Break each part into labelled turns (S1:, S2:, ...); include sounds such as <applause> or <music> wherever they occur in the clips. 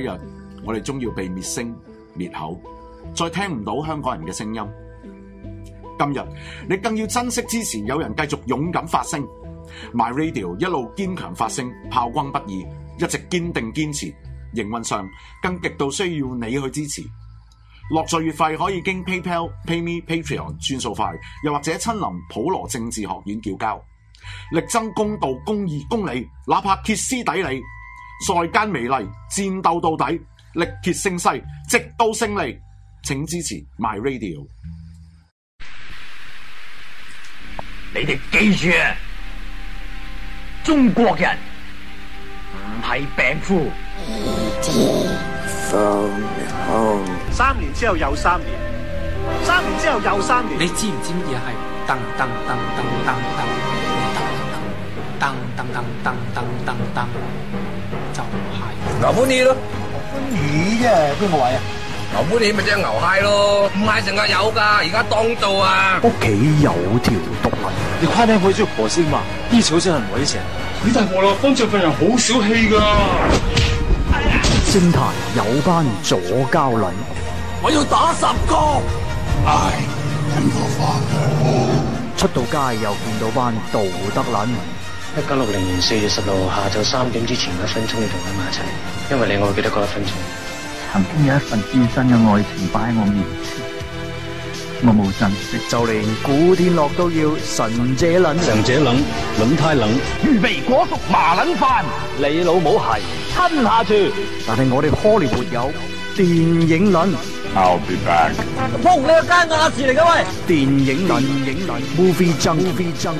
S1: 一日，我哋終要被滅聲滅口，再聽唔到香港人嘅聲音。今日，你更要珍惜支持有人繼續勇敢發聲，my radio 一路堅強發聲，炮轟不已，一直堅定堅持。營運上更極度需要你去支持。落座月費可以經 PayPal、PayMe、Patreon 轉數快，又或者親臨普羅政治學院叫交，力爭公道、公義、公理，哪怕歇斯底里。在間美麗，戰鬥到底，力竭聲嘶，直到勝利，請支持 My Radio。你哋記住啊，
S2: 中國人
S1: 唔係病夫。三年之後又三年，三年之後又三年。你知唔知乜嘢係？當當當當當當當當當當當當。牛夫你咯，牛夫你啫，邊個位啊？牛夫你咪隻牛蟹咯，唔係成日有噶，而家當道啊！屋企有條毒棍，你快啲開出婆先嘛！衣草先係偉成，你大鑊啦！方丈份人好小氣噶。
S2: 哎、呀正太有班左膠撚，
S1: 我要打
S2: 十個。I am your father。出到街又見到班道德撚。一九六零年四月十六日下晝三點之前一分鐘要
S1: 同你埋齊，因為你我會記得嗰一分鐘。曾經有一份真摯的愛情擺喺我面前，我無珍惜，你就連古天樂都要神者
S2: 冷，神者冷冷太冷，預備果熟麻捻飯，你老母係吞下住，但是我哋可憐沒有。電影論，I'll be back，仆你個奸亞士嚟噶喂！電影論，電影論，movie movie movie 爭，唔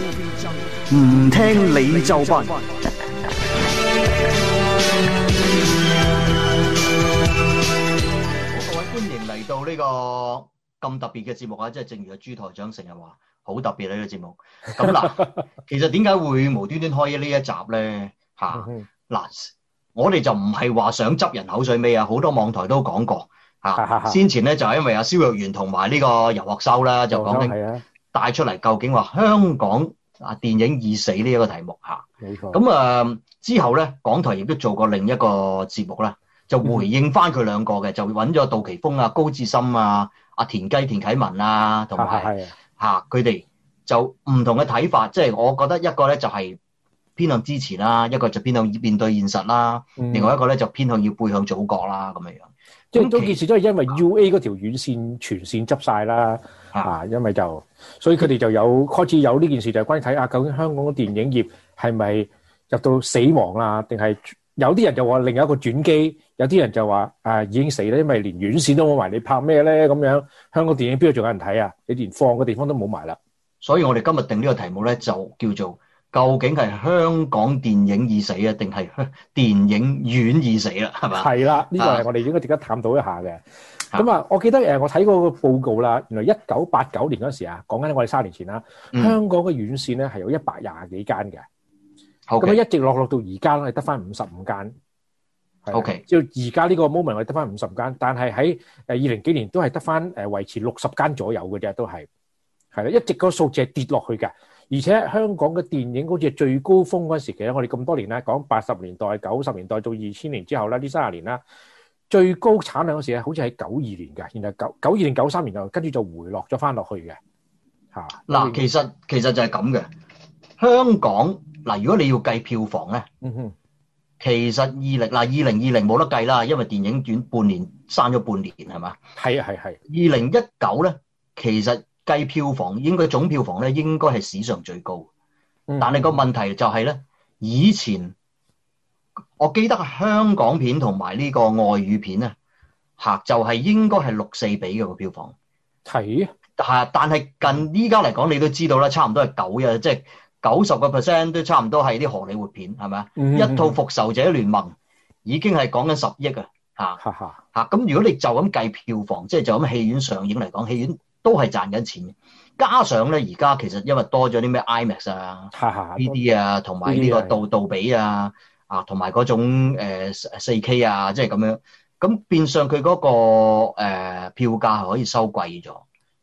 S2: 正正聽你就關。好咒 <laughs> 各位，歡迎嚟到呢個咁特別嘅節目啊！即、就、係、是、正如阿朱台長成日話，好特別呢、這個節目。咁嗱，其實點解會無端端開呢一集咧？吓嗱、 <laughs> 啊。Lance, 我哋就唔係話想執人口水尾啊！好多網台都講過是是是先前咧是是 就係因為阿蕭若元同埋呢個游學修啦，修就講緊帶出嚟，究竟話香港啊電影已死呢一個題目咁的啊之後咧，港台亦都做過另一個節目啦，就回應翻佢兩個嘅，嗯、就揾咗杜琪峰啊、高志森啊、阿田雞、田啟文啊，是是是啊同埋嚇佢哋就唔同嘅睇法。即、就、係、是、我覺得一個咧就係、是。偏向支持啦，一個就偏向以面對現實啦，另外一個咧就偏向要背向祖國啦咁樣樣。即係嗰件事都係因為 UA 嗰條院線
S1: 全線執晒啦，啊，啊，因為就所以佢哋就有開始、嗯、有呢件事就看，就係關於睇下究竟香港嘅電影業係咪入到死亡啦？定係有啲人就話另一個轉機，有啲人就話啊已經死啦，因為連院線都冇埋，你拍咩咧咁
S2: 樣？香港電影邊度仲有人睇啊？你連放嘅地方都冇埋啦。所以我哋今日定呢個題目咧，就叫做。究竟係香港電影已死啊，定係電影院已死啊？係咪？係啦，呢個係我哋應該值得探討一下嘅。
S1: 咁啊，我記得誒，我睇過個報告啦。原來一九八九年嗰時啊，講緊我哋三年前啦，香港嘅院線咧係有一百廿幾間嘅。咁啊、嗯、一直落落到而家咧，係得翻五十五間。O K，就而家呢個 moment 我哋得翻五十間，但係喺誒二零幾年都係得翻誒維持六十間左右嘅啫，都係係啦，一直個數字係跌落去嘅。而且香港嘅電影好似係最高峰嗰時期咧，我哋咁多年咧，講八十年代、九十年代到二千年之後咧，呢三十年啦，最高產量嗰時咧，好似喺九二年嘅，然後九
S2: 九二年、九三年又跟住就回落咗翻落去嘅，吓嗱，其實其實就係咁嘅。香港嗱，如果你要計票房咧，嗯哼，其實二零嗱二零二零冇得計啦，因為電影院半年閂咗半年，係嘛？係啊係係。二零一九咧，2019, 其實。計票房，應該總票房咧，應該係史上最高。但係個問題就係咧，以前我記得香港片同埋呢個外語片咧，吓就係應該係六四比嘅個票房係吓，係但係近依家嚟講，你都知道啦，差唔多係九嘅，即係九十個 percent 都差唔多係啲荷里活片，係咪啊？嗯嗯嗯嗯一套復仇者聯盟已經係講緊十億啊！吓吓咁，如果你就咁計票房，即係就咁、是、戲院上映嚟講，戲院。都係賺緊錢，加上咧而家其實因為多咗啲咩 IMAX 啊，呢啲哈啊，同埋呢個杜杜些比啊，啊同埋嗰種誒四、呃、K 啊，即係咁樣，咁變相佢嗰、嗰個、呃、票價係可以收貴咗。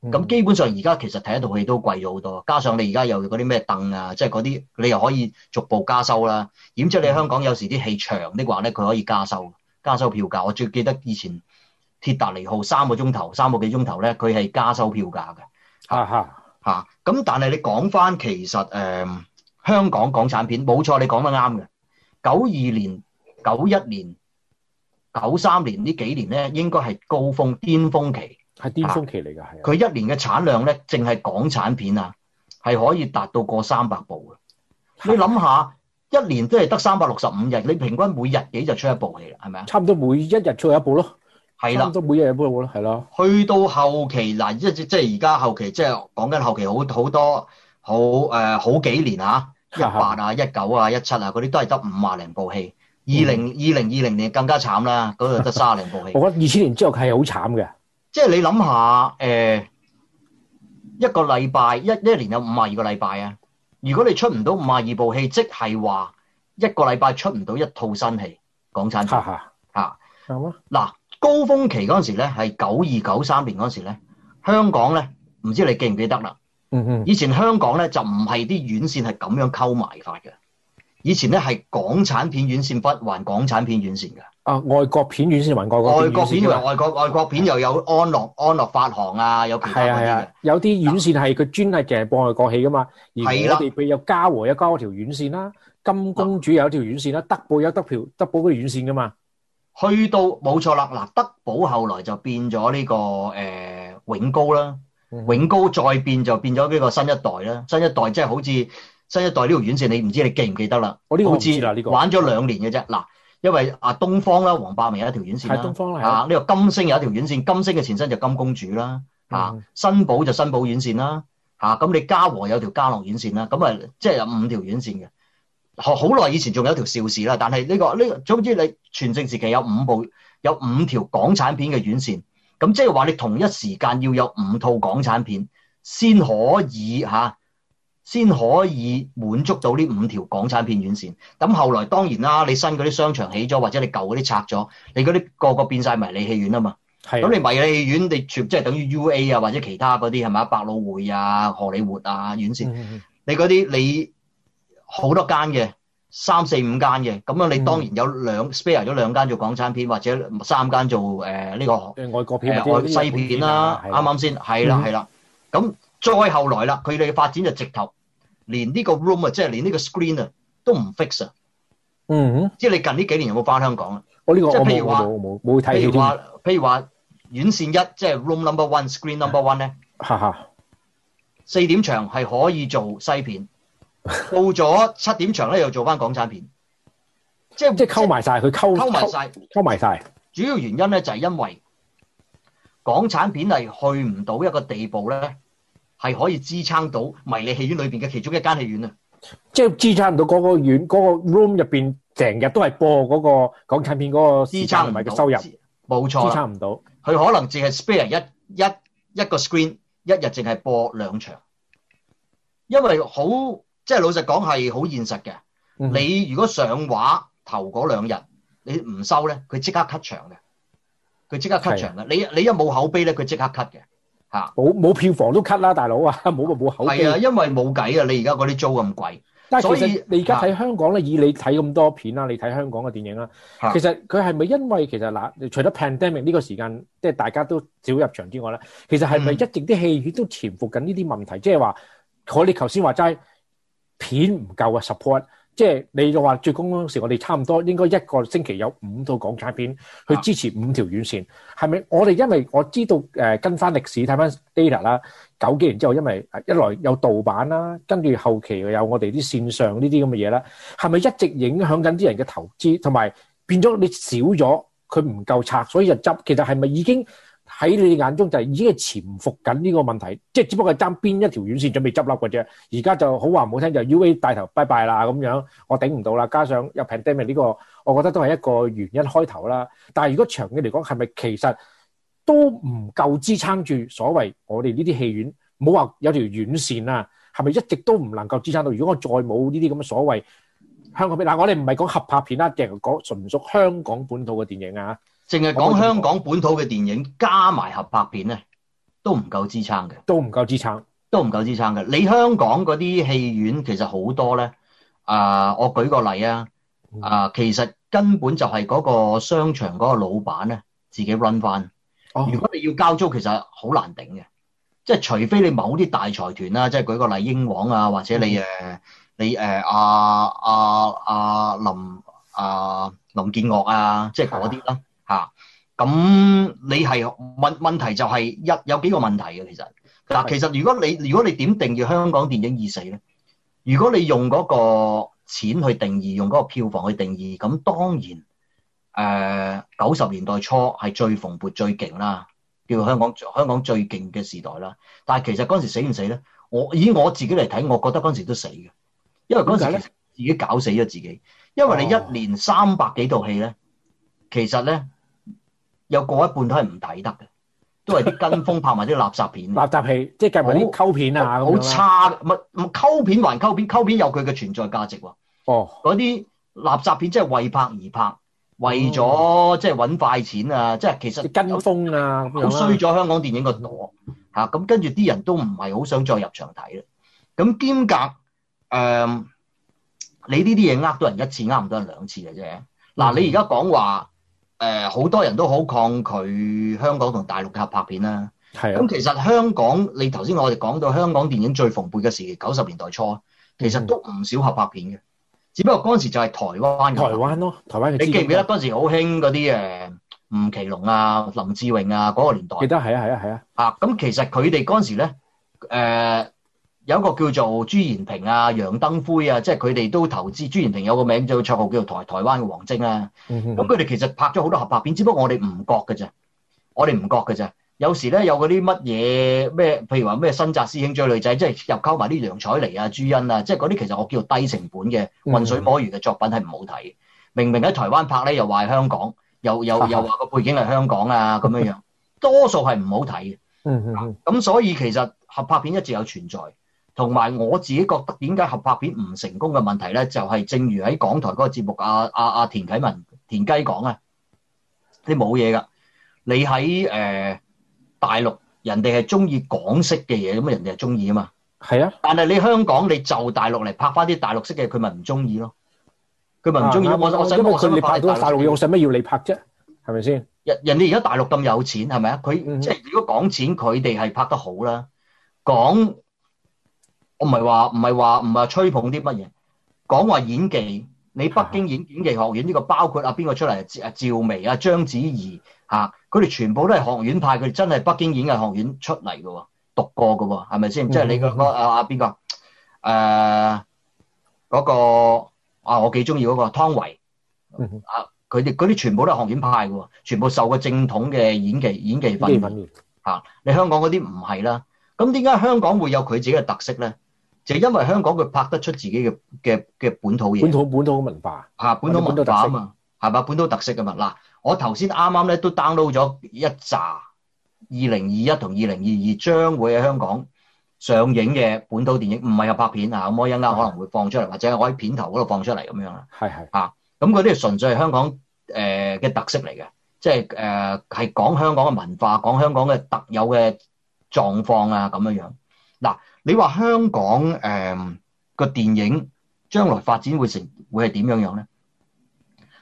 S2: 咁、嗯、基本上而家其實睇一套戲都貴咗好多，加上你而家有嗰啲咩凳啊，即係嗰啲你又可以逐步加收啦。點知你在香港有時啲戲長啲話咧，佢可以加收加收票價。我最記得以前。鐵達尼號三個鐘頭，三個幾鐘頭咧，佢係加收票價嘅。吓吓吓！咁、啊、但係你講翻，其實誒、呃，香港港產片冇錯，你講得啱嘅。九二年、九一年、九三年呢幾年咧，應該係高峰巔峰期。係巔峰期嚟嘅，係。佢一年嘅產量咧，淨係港產片啊，係可以達到過三百部嘅。係。你諗下，一年都係得三百六十五日，你平均每日幾就出一部戲啦？係咪啊？差唔多每一日出一部咯。係啦，對了不每都每日一般好咯。係咯，去到後期嗱，即即係而家後期，即係講緊後期，好好多好誒，好幾年啊，一八啊、一九啊、一七啊，嗰啲都係得五十零部戲。二零二零二零年更加慘啦，嗰度得卅零部戲。 <laughs> 我
S1: 覺得二千年之後嘅戲係好慘嘅，
S2: 即係你諗下誒一個禮拜一一年有五十二個禮拜啊，如果你出唔到五十二部戲，即係話一個禮拜出唔到一套新戲，講真嚇嚇嗱？高峰期嗰時候是年的時咧，係九二九三年嗰陣時咧，香港咧唔知你記唔記得啦？嗯哼，以前香港咧就唔係啲院線係咁樣溝埋法嘅，以前咧係港產片院線不還港產片院線嘅。啊，外國片院線還是國院線外國，國片外國，外國片又有安樂、嗯、安樂發行啊，有。係係係，
S1: 有啲院線係佢、啊、專係嘅，淨係播外國戲噶嘛。係啦。我哋、啊、有嘉禾有嘉禾條院線啦，金公主有一條院線啦、嗯，德寶有德票德寶嗰條院
S2: 線噶嘛。去到冇錯啦，嗱德寶後來就變咗呢、這個誒、呃、永高啦，嗯、永高再變就變咗呢個新一代啦，新一代即係好似新一代呢條院線，你唔知你記唔記得啦？我呢、哦這個、好似玩咗兩年嘅啫，嗱，因為啊東方啦，黃百鳴有一條院線啦，是東方啊呢個的金星有一條院線，金星嘅前身就金公主啦，吓、啊嗯、新寶就新寶院線啦，吓、啊、咁你嘉禾有條嘉樂院線啦，咁啊即係有五條院線嘅。好耐以前仲有一條邵氏啦，但係呢、呢個呢、呢個總之你全盛時期有五部有五條港產片嘅院線，咁即係話你同一時間要有五套港產片先可以嚇、啊，先可以滿足到呢五條港產片院線。咁後來當然啦，你新嗰啲商場起咗，或者你舊嗰啲拆咗，你嗰啲個個變晒迷你戲院啊嘛。係，咁你迷你戲院你全即係等於 U A 啊，或者其他嗰啲係咪百老匯啊、荷里活啊院線，你嗰啲你。好多間嘅，三四五間嘅，咁樣你當然有兩 spare 咗兩間做港產片，或者三間做誒呢個外
S1: 國片、外西片啦，啱啱
S2: 先？係啦，係啦。咁再後來啦，佢哋嘅發展就直頭，連呢個 room 啊，即係連呢個 screen 啊，都唔 fix 啊。嗯，即係你近呢幾年有冇翻香港啊？我呢個我冇冇冇睇戲，譬如話，譬如話院線一，即係 room number one，screen number one 咧。哈哈。四點場係可以做西片。到咗七點場咧，又做翻港產片，即係即係溝埋晒佢，溝埋晒，溝埋晒。主要原因咧就係因為港產片係去唔到一個地步咧，係可以支撐到迷你戲院裏邊嘅其中一間戲院啊。
S1: 即係支撐唔到嗰個院嗰個 room 入邊，成日都係播嗰個
S2: 港產片嗰個支撐唔係嘅收入，冇錯，支撐唔到。佢可能淨係 spare 一一一,一個 screen，一日淨係播兩場，因為好。即係老實講係好現實嘅。你如果上畫頭嗰兩日，你唔收咧，佢即刻 cut 場嘅，佢即刻 cut 場嘅是的。你你一冇口碑咧，佢即刻 cut 嘅吓。冇冇票房都 cut 啦，大佬啊，冇冇口碑。係啊，因為冇計啊。你而家嗰啲租
S1: 咁貴，但係所是的 以你而家喺香港咧，以你睇咁多片啦，你睇香港嘅電影啦是的，其實佢係咪因為其實嗱，除咗 pandemic 呢個時間，即係大家都少入場之外咧，其實係咪一直啲戲院都潛伏緊呢啲問題？即係話我哋頭先話齋。你片唔夠啊，support，即係你就話最公剛時，我哋差唔多應該一個星期有五套港產片去支持五條院線，係咪？我哋因為我知道誒、呃、跟翻歷史睇翻 data 啦，九幾年之後，因為一來有盜版啦，跟住後期有我哋啲線上呢啲咁嘅嘢啦，係咪一直影響緊啲人嘅投資，同埋變咗你少咗佢唔夠拆，所以就執。其實係咪已經？喺你眼中就係已經潛伏緊呢個問題，即係只不過係爭邊一條軟線準備執笠嗰隻。而家就好話唔好聽就 U A 帶頭拜拜啦咁樣，我頂唔到啦。加上有 pandemic 呢個，我覺得都係一個原因開頭啦。但係如果長期嚟講，係咪其實都唔夠支撐住所謂我哋呢啲戲院？冇話有條軟線啊，係咪一直都唔能夠支撐到？如果我再冇呢啲咁嘅所謂香港片，嗱我哋唔係講合拍片啦，淨係講純屬香
S2: 港本土嘅電影啊！淨係講香港本土嘅電影加埋合拍片咧，都唔夠支撐嘅，都唔夠支撐嘅，都唔夠支撐嘅。你香港嗰啲戲院其實好多咧，啊、呃，我舉個例啊，啊、呃，其實根本就係嗰個商場嗰個老闆咧自己 run 翻。Oh, okay. 如果你要交租，其實好難頂嘅，即係除非你某啲大財團啦，即係舉個例，英皇啊，或者你誒、嗯、你誒阿阿阿林阿、呃、林建岳啊，即係嗰啲啦。咁你係問問題就係一有幾個問題嘅，其實嗱，其實如果你如果你點定義香港電影已死咧？如果你用嗰個錢去定義，用嗰個票房去定義，咁當然誒九十年代初係最蓬勃最勁啦，叫香港香港最勁嘅時代啦。但係其實嗰時死唔死咧？我以我自己嚟睇，我覺得嗰時都死嘅，因為嗰時咧自己搞死咗自己，因為你一年三百幾套戲咧，哦、其實咧。有過一半都係唔抵得嘅，都係啲跟風拍埋啲垃圾片、垃圾戲，即係夾埋啲溝片啊好差，唔唔溝片還溝片，溝片有佢嘅存在價值喎。哦，嗰啲垃圾片真係為拍而拍，為咗、哦、即係揾快錢啊！即係其實跟風啊，好衰咗香港電影個攞嚇。咁跟住啲人都唔係好想再入場睇啦。咁兼夾，誒、嗯，你呢啲嘢呃到人一次，呃唔到人兩次嘅啫。嗱，嗯、你而家講話。誒好、呃、多人都好抗拒香港同大陸嘅合拍片啦。係啊，咁的其實香港，你頭先我哋講到香港電影最蓬勃嘅時期九十年代初，其實都唔少合拍片嘅，只不過嗰時就係台灣嘅。台灣咯，台灣嘅。你記唔記得嗰時好興嗰啲誒吳奇隆啊、林志穎啊嗰、那個年代？記得係啊係啊係啊。啊，咁其實佢哋嗰時咧，誒、呃。有一個叫做朱延平啊、楊登輝啊，即係佢哋都投資。朱延平有個名就綽號叫做台台灣嘅王晶啊。咁佢哋其實拍咗好多合拍片，只不過我哋唔覺嘅咋。我哋唔覺嘅咋。有時咧有嗰啲乜嘢咩，譬如話咩新紮師兄追女仔，即係又溝埋啲楊采妮啊、朱茵啊，即係嗰啲其實我叫做低成本嘅混水摸魚嘅作品係唔好睇。嗯、哼明明喺台灣拍咧又話香港，又又又話個背景係香港啊咁樣樣， <laughs> 多數係唔好睇嘅。咁、嗯、哼所以其實合拍片一直有存在。同埋我自己覺得點解合拍片唔成功嘅問題咧，就係、是、正如喺港台嗰個節目，阿阿阿田啟文田雞講啊，你冇嘢㗎，你喺誒、呃、大陸，人哋係中意港式嘅嘢，咁啊人哋係中意啊嘛。係啊，但係你香港你就大陸嚟拍翻啲大陸式嘅，佢咪唔中意咯？佢咪唔中意？啊、我我使乜佢你拍都大陸用，使乜要你拍啫？係咪先？人人哋而家大陸咁有錢，係咪啊？佢、嗯、哼即係如果講錢，佢哋係拍得好啦，講。我唔係話唔係話唔係吹捧啲乜嘢，講話演技。你北京演技、啊啊、北京演技學院呢、嗯，那個包括阿邊個出嚟？趙趙薇啊，章子怡佢哋全部都係學院派，佢哋真係北京演藝學院出嚟喎。讀過喎，係咪先？即係你個啊，邊個？誒嗰個啊，我幾中意嗰個湯唯啊，佢哋嗰啲全部都係學院派喎，全部受過正統嘅演技演技訓練、啊、你香港嗰啲唔係啦，咁點解香港會有佢自己嘅特色咧？就是因為香港佢拍得出自己嘅嘅嘅本土嘢，本土本土文化啊，本土文化啊嘛，係嘛，本土特色嘅嘛。嗱，我頭先啱啱咧都 download 咗一紮二零二一同二零二二將會喺香港上映嘅本土電影，唔係合拍片啊，咁我一陣間可能會放出嚟，係係或者我喺片頭嗰度放出嚟咁樣啦。係係嚇，咁嗰啲純粹係香港誒嘅、呃、特色嚟嘅，即係誒係講香港嘅文化，講香港嘅特有嘅狀況啊咁樣樣嗱。你話香港誒個電影將來發展會成會係點樣樣咧？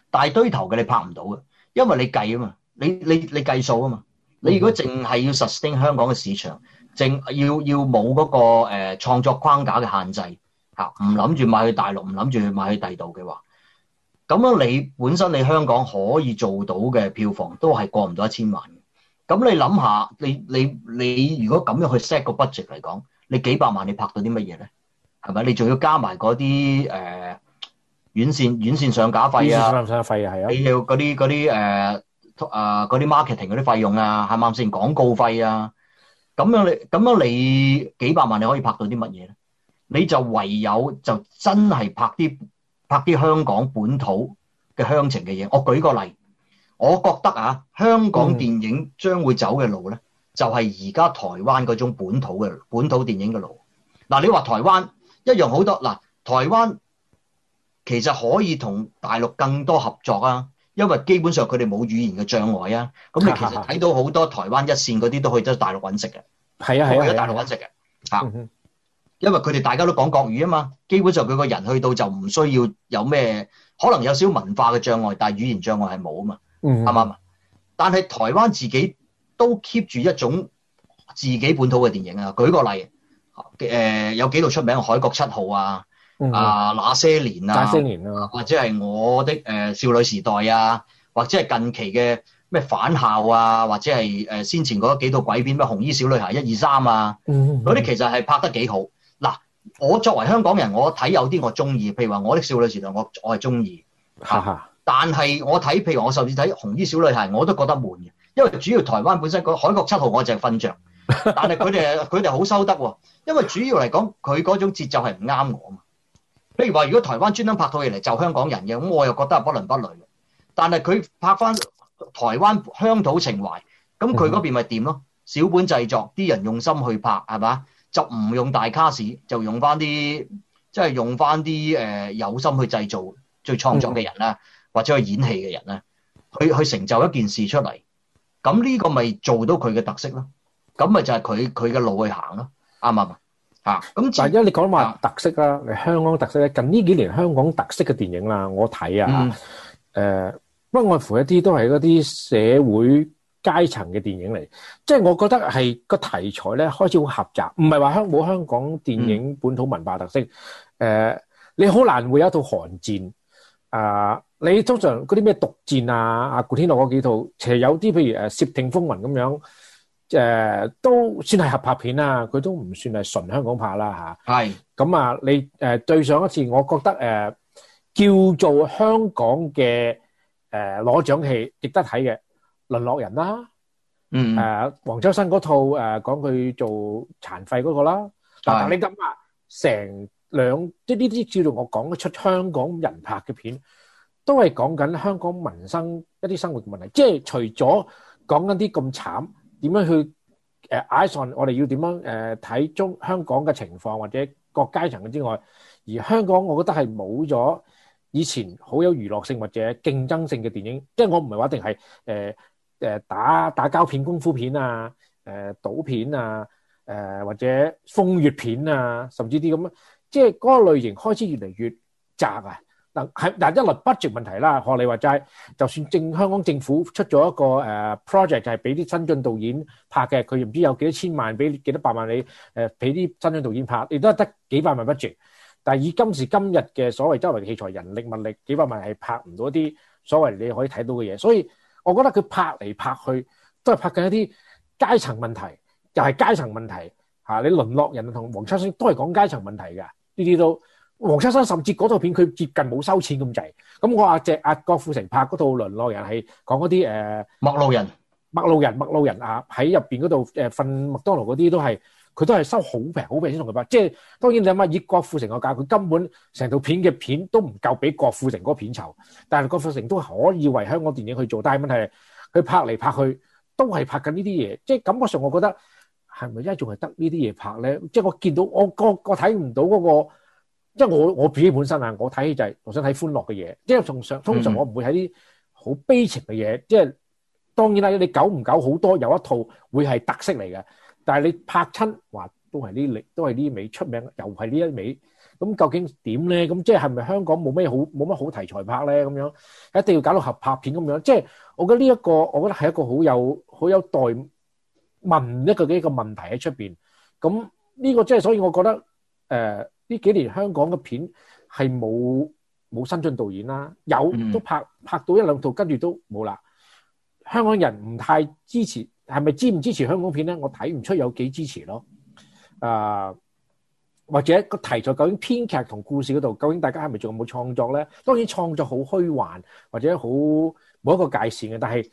S2: 大堆頭嘅你拍唔到嘅，因為你計啊嘛，你你你計數啊嘛。你如果淨係要 sustain 香港嘅市場，淨要要冇嗰個誒創作框架嘅限制吓，唔諗住賣去大陸，唔諗住去賣去第度嘅話，咁樣你本身你香港可以做到嘅票房都係過唔到一千萬。咁你諗下，你你你如果咁樣去 set 個 budget 嚟講。你幾百萬你拍到啲乜嘢咧？係咪？你仲要加埋嗰啲誒院線院線上架費啊？院線上架費啊，係、呃、啊！你要嗰啲啲誒啊啲 marketing 嗰啲費用啊，係咪先廣告費啊？咁樣你咁樣你幾百萬你可以拍到啲乜嘢咧？你就唯有就真係拍啲拍啲香港本土嘅鄉情嘅嘢。我舉個例，我覺得啊，香港電影將會走嘅路咧。嗯就係而家台灣嗰種本土嘅本土電影嘅路。嗱、啊，你話台灣一樣好多嗱，台灣其實可以同大陸更多合作啊，因為基本上佢哋冇語言嘅障礙啊。咁你其實睇到好多台灣一線嗰啲都可以喺大陸揾食嘅。係啊係啊，可以喺大陸揾食嘅。嚇、啊，啊啊啊、因為佢哋大家都講國語啊嘛，基本上佢個人去到就唔需要有咩，可能有少少文化嘅障礙，但係語言障礙係冇啊嘛。嗯哼，啱唔啱？但係台灣自己，都 keep 住一種自己本土嘅電影啊！舉個例，誒、呃、有幾度出名《海角七號》啊，嗯《啊那些年》啊，《那些年》啊，或者係我的、呃、少女時代啊，或者係近期嘅咩返校啊，或者係、呃、先前嗰幾套鬼片咩《紅衣小女孩》一二三啊，
S1: 嗰啲、嗯嗯、其
S2: 實係拍得幾好。嗱，我作為香港人，我睇有啲我中意，譬如話我的少女時代，我我係中意。但係我睇譬如我甚至睇紅衣小女孩，我都覺得悶嘅。因為主要台灣本身個《海角七號》，我就瞓着。但係佢哋佢哋好收得喎。因為主要嚟講，佢嗰種節奏係唔啱我嘛。譬如話，如果台灣專登拍套戲嚟就香港人嘅，咁我又覺得係不倫不類。但係佢拍翻台灣鄉土情懷，咁佢嗰邊咪掂咯？小本製作，啲人用心去拍，係嘛？就唔用大卡士，就用翻啲即係用翻啲誒有心去製造、最創作嘅人啦，嗯、或者去演戲嘅人啦，去去成就一件事出嚟。咁呢個咪做到佢嘅特色咯，咁咪就係佢佢嘅路去行咯，啱唔啱？咁，但係一你講話特色啦，你、啊、香
S1: 港特色咧，近呢幾年香港特色嘅電影啦，我睇啊，誒、嗯呃、不外乎一啲都係嗰啲社會階層嘅電影嚟，即、就、係、是、我覺得係個題材咧開始好狹窄，唔係話香冇香港電影本土文化特色，誒、嗯呃、你好難會有一套寒戰啊！呃你通常嗰啲咩毒戰啊、阿古天樂嗰幾套，其實有啲譬如誒《竊聽風雲》咁樣，誒都算係合拍片啊，佢都唔算係純香港拍啦嚇。係。咁啊，你誒對上一次，我覺得誒叫做香港嘅誒攞獎戲，值得睇嘅，《淪落人》啦，嗯，誒黃秋生嗰套誒講佢做殘廢嗰個啦。啊。你咁啊，成兩即係呢啲叫做我講得出香港人拍嘅片。都係講緊香港民生一啲生活嘅問題，即係除咗講緊啲咁慘點樣去誒 eyes on，我哋要點樣誒睇、呃、中香港嘅情況或者各階層嘅之外，而香港我覺得係冇咗以前好有娛樂性或者競爭性嘅電影，即係我唔係話一定係誒誒打打交片功夫片啊，誒、呃、賭片啊，誒、呃、或者風月片啊，甚至啲咁樣，即係嗰個類型開始越嚟越窄啊！嗱係，嗱一律 budget 問題啦，學你話齋，就算正香港政府出咗一個誒 project，就係俾啲新晉導演拍嘅，佢唔知有幾多千萬，俾幾多百萬你誒俾啲新晉導演拍，亦都係得幾百萬 budget。但係以今時今日嘅所謂周圍器材、人力物力，幾百萬係拍唔到一啲所謂你可以睇到嘅嘢。所以我覺得佢拍嚟拍去都係拍緊一啲階層問題，又係階層問題嚇。你《淪落人》同《黃秋生》都係講階層問題㗎，呢啲都。黃秋生甚至嗰套片佢接近冇收錢咁滯、啊，咁我阿只阿郭富城拍嗰套《淪落人》係講嗰啲誒麥路人、麥路人、麥路人啊，喺入面嗰度誒瞓麥當勞嗰啲都係，佢都係收好平、好平先同佢拍。即係當然你諗下以郭富城個價，佢根本成套片嘅片都唔夠俾郭富城嗰個片酬，但係郭富城都可以為香港電影去做。但係問題係佢拍嚟拍去都係拍緊呢啲嘢，即係感覺上我覺得係咪一仲係得呢啲嘢拍咧？即我見到我個個睇唔到嗰、嗰個。即係我我自己本身啊，我睇起就係、是、我想睇歡樂嘅嘢。即係從上通常我唔會睇啲好悲情嘅嘢。即係當然啦，你久唔久好多有一套會係特色嚟嘅。但係你拍親，哇，都係呢啲，都係呢啲味出名，又係呢一味。咁究竟點咧？咁即係係咪香港冇咩好冇乜好題材拍咧？咁樣一定要搞到合拍片咁樣。即係我覺得呢、這、一個，我覺得係一個好有好有待問一個幾個問題喺出邊。咁呢個即、就、係、是、所以，我覺得誒。呃呢幾年香港嘅片係冇冇新進導演啦，有都拍拍到一兩套，跟住都冇啦。香港人唔太支持，係咪支唔支持香港片咧？我睇唔出有幾支持咯。誒、呃，或者個題材究竟編劇同故事嗰度，究竟大家係咪仲有冇創作咧？當然創作好虛幻或者好冇一個界線嘅，但係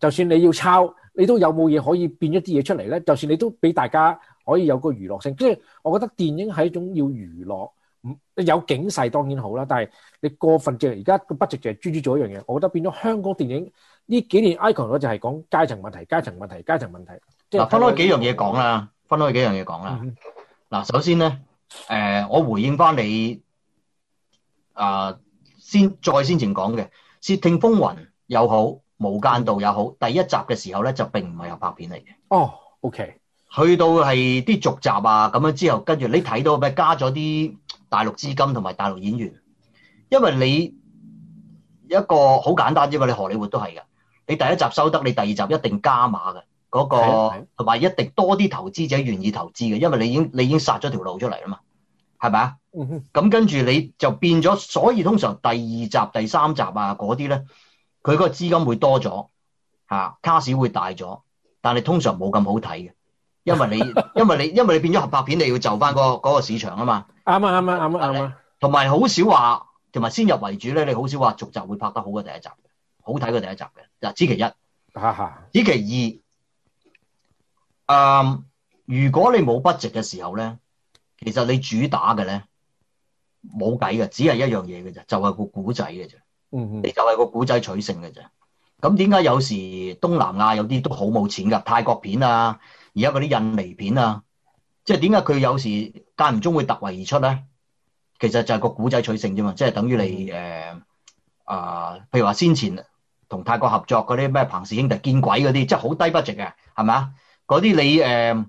S1: 就算你要抄。你都有冇嘢可以變一啲嘢出嚟咧？就算你都俾大家可以有個娛樂性，即係我覺得電影係一種要娛樂，唔有警世當然好啦。但係你過分正，而家個不直就係專注咗一樣嘢。我覺得變咗香港電影呢幾年 icon 就係講階層問題、階層問題、階層問題。嗱，分開幾樣嘢講啦，
S2: 分開幾樣嘢講啦。嗱，首先咧，誒，我回應翻你啊，先再先前講嘅《竊聽風雲》又好。無間道又好，第一集嘅時候咧就並唔係合拍片嚟嘅。哦、oh,，OK。去到係啲續集啊，咁樣之後，跟住你睇到咩？加咗啲大陸資金同埋大陸演員，因為你一個好簡單啫嘛，因為你荷里活都係噶。你第一集收得，你第二集一定加碼嘅，嗰、那個同埋、啊啊、一定多啲投資者願意投資嘅，因為你已經你已經殺咗條路出嚟啦嘛，係咪啊？咁 <laughs> 跟住你就變咗，所以通常第二集、第三集啊嗰啲咧。那些呢佢個個資金會多咗，卡士、啊、會大咗，但你通常冇咁好睇嘅，因為你 <laughs> 因為你因為你變咗合拍片，你要就翻、那、嗰、個那個市場啊嘛。啱啱啱啱啱啱，同埋好少話，同埋先入為主咧，你好少話續集會拍得好過第一集，好睇過第一集嘅。嗱，此其一。哈哈。此其二。嗯、um,，如果你冇筆值嘅時候咧，其實你主打嘅咧冇計嘅，只係一樣嘢嘅啫，就係、是、個古仔嘅啫。嗯，你就係個古仔取勝嘅啫。咁點解有時東南亞有啲都好冇錢噶？泰國片啊，而家嗰啲印尼片啊，即係點解佢有時間唔中會突圍而出咧？其實就係個古仔取勝啫嘛，即係等於你誒啊，譬如話先前同泰國合作嗰啲咩彭氏兄弟見鬼嗰啲，即係好低 budget 嘅，係咪啊？嗰啲你誒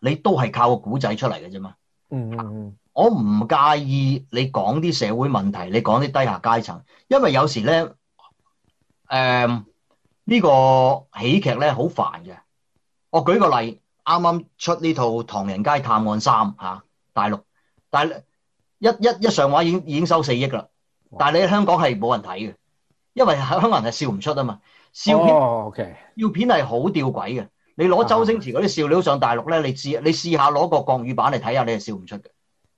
S2: 你都係靠個古仔出嚟嘅啫嘛。嗯嗯嗯。我唔介意你講啲社會問題，你講啲低下階層，因為有時咧誒呢個喜劇咧好煩嘅。我舉個例，啱啱出呢套《唐人街探案三》吓，大陸但係一一一上畫已經已經收四億啦。哇但係你喺香港係冇人睇嘅，因為香港人係笑唔出啊嘛。笑片、哦 okay、要片係好吊詭嘅。你攞周星馳嗰啲笑料上大陸咧，嗯、你試你試下攞個國語版嚟睇下，你係笑唔出嘅。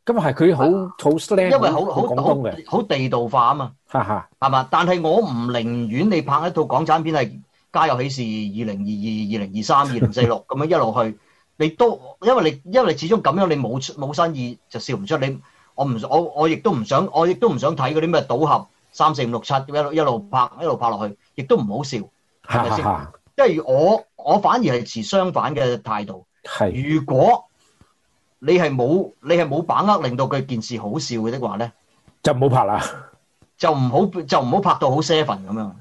S2: 咁啊，係佢好好因為好好好地道化啊嘛。哈哈，係嘛？但係我唔寧願你拍一套港產片係《家有喜事》二零二二、二零二三、二零四六咁樣一路去。你都因為你因為你始終咁樣你冇冇生意就笑唔出你。你我唔我我亦都唔想我亦都唔想睇嗰啲咩賭俠三四五六七一路一路拍一路拍落去，亦都唔好笑。係咪先？因為我我反而係持相反嘅態度。是如果。你係冇你係冇把握令到佢件事好笑嘅的話咧，就唔好拍啦，就唔好就唔好拍到好 seven 咁樣，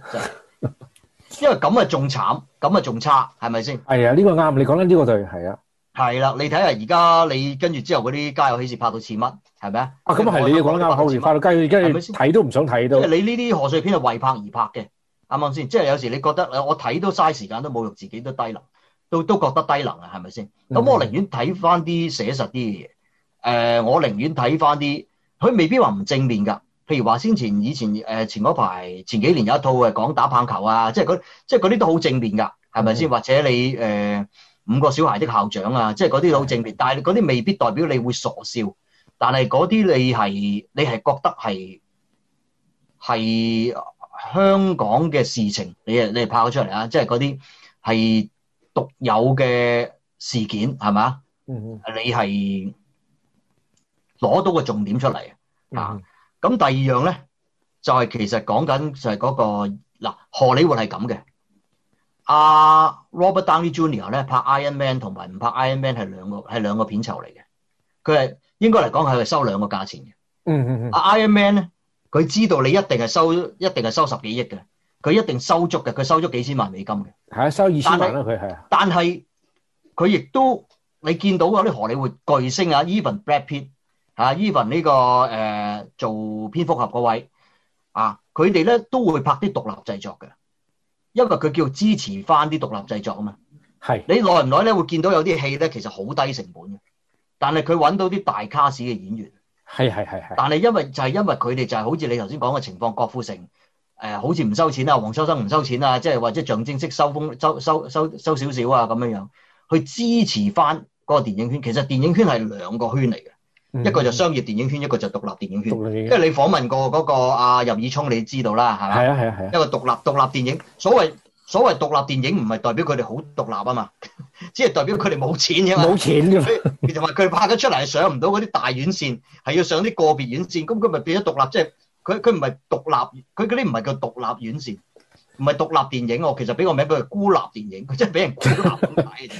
S2: 因為咁啊仲慘，咁啊仲差，係咪先？
S1: 係啊，呢個啱，你講緊呢個就係啊，
S2: 係啦，你睇下而家你跟住之後嗰啲家有喜事拍到似乜，係咪啊？啊，咁啊係你講啱，好，而
S1: 拍到家有喜事，睇都唔想睇到。你
S2: 呢啲賀歲片係為拍而拍嘅，啱唔啱先？即係有時你覺得我睇都嘥時間，都侮辱自己，都低能。都都覺得低能啊，係咪先？咁我寧願睇翻啲寫實啲嘅嘢。誒、呃，我寧願睇翻啲，佢未必話唔正面㗎。譬如話先前以前誒前嗰排前幾年有一套係講打棒球啊，即係嗰即係嗰啲都好正面㗎，係咪先？Mm hmm. 或者你誒、呃、五個小孩的校長啊，即係嗰啲都好正面，mm hmm. 但係嗰啲未必代表你會傻笑。但係嗰啲你係你係覺得係係香港嘅事情，你係你係拍咗出嚟啊！即係嗰啲係。獨有嘅事件係嘛？是嗯哼你係攞到個重點出嚟啊！咁、嗯、哼第二樣咧，就係、是、其實講緊就係嗰個嗱，荷里活係咁嘅。阿、啊、Robert Downey Jr. 咧拍 Iron Man 同埋唔拍 Iron Man 係兩個係兩個片酬嚟嘅。佢係應該嚟講係收兩個價錢嘅。嗯嗯哼嗯、啊、Iron Man 咧，佢知道你一定係收一定係收十幾億嘅。佢一定收足嘅，佢收足幾千萬美金嘅。係收二千萬咯是，佢係他是。但係佢亦都你見到嗰啲荷里活巨星啊，Even Brad Pitt 啊，Even 呢、這個誒、呃、做蝙蝠俠嗰位啊，佢哋咧都會拍啲獨立製作嘅，因為佢叫支持翻啲獨立製作啊嘛。係是。你耐唔耐咧會見到有啲戲咧，其實好低成本嘅，但係佢揾到啲大卡士嘅演員。係係係係。但係因為就係、是、因為佢哋就係、是、好似你頭先講嘅情況，郭富城。誒、呃，好似唔收錢啊，黃秋生唔收錢啊，即係或者象徵式收風收收收少少啊，咁樣樣去支持翻個電影圈。其實電影圈係兩個圈嚟嘅，嗯、一個就商業電影圈，一個就獨立電影圈。即係立你訪問過嗰、嗰個阿任、啊、以聰，你知道啦，係嘛？係啊係啊係啊！啊啊一個獨立獨立電影，所謂所謂獨立電影唔係代表佢哋好獨立啊嘛， <laughs> 只係代表佢哋冇錢啫嘛。冇錢嘅，佢拍咗出嚟上唔到嗰啲大院線，係要上啲個別院線，咁佢咪變咗獨立，即係？佢佢唔係獨立，佢嗰啲唔係叫獨立院線，唔係獨立電影。我其實俾個名佢係孤立電影，佢真係俾人孤立咁睇。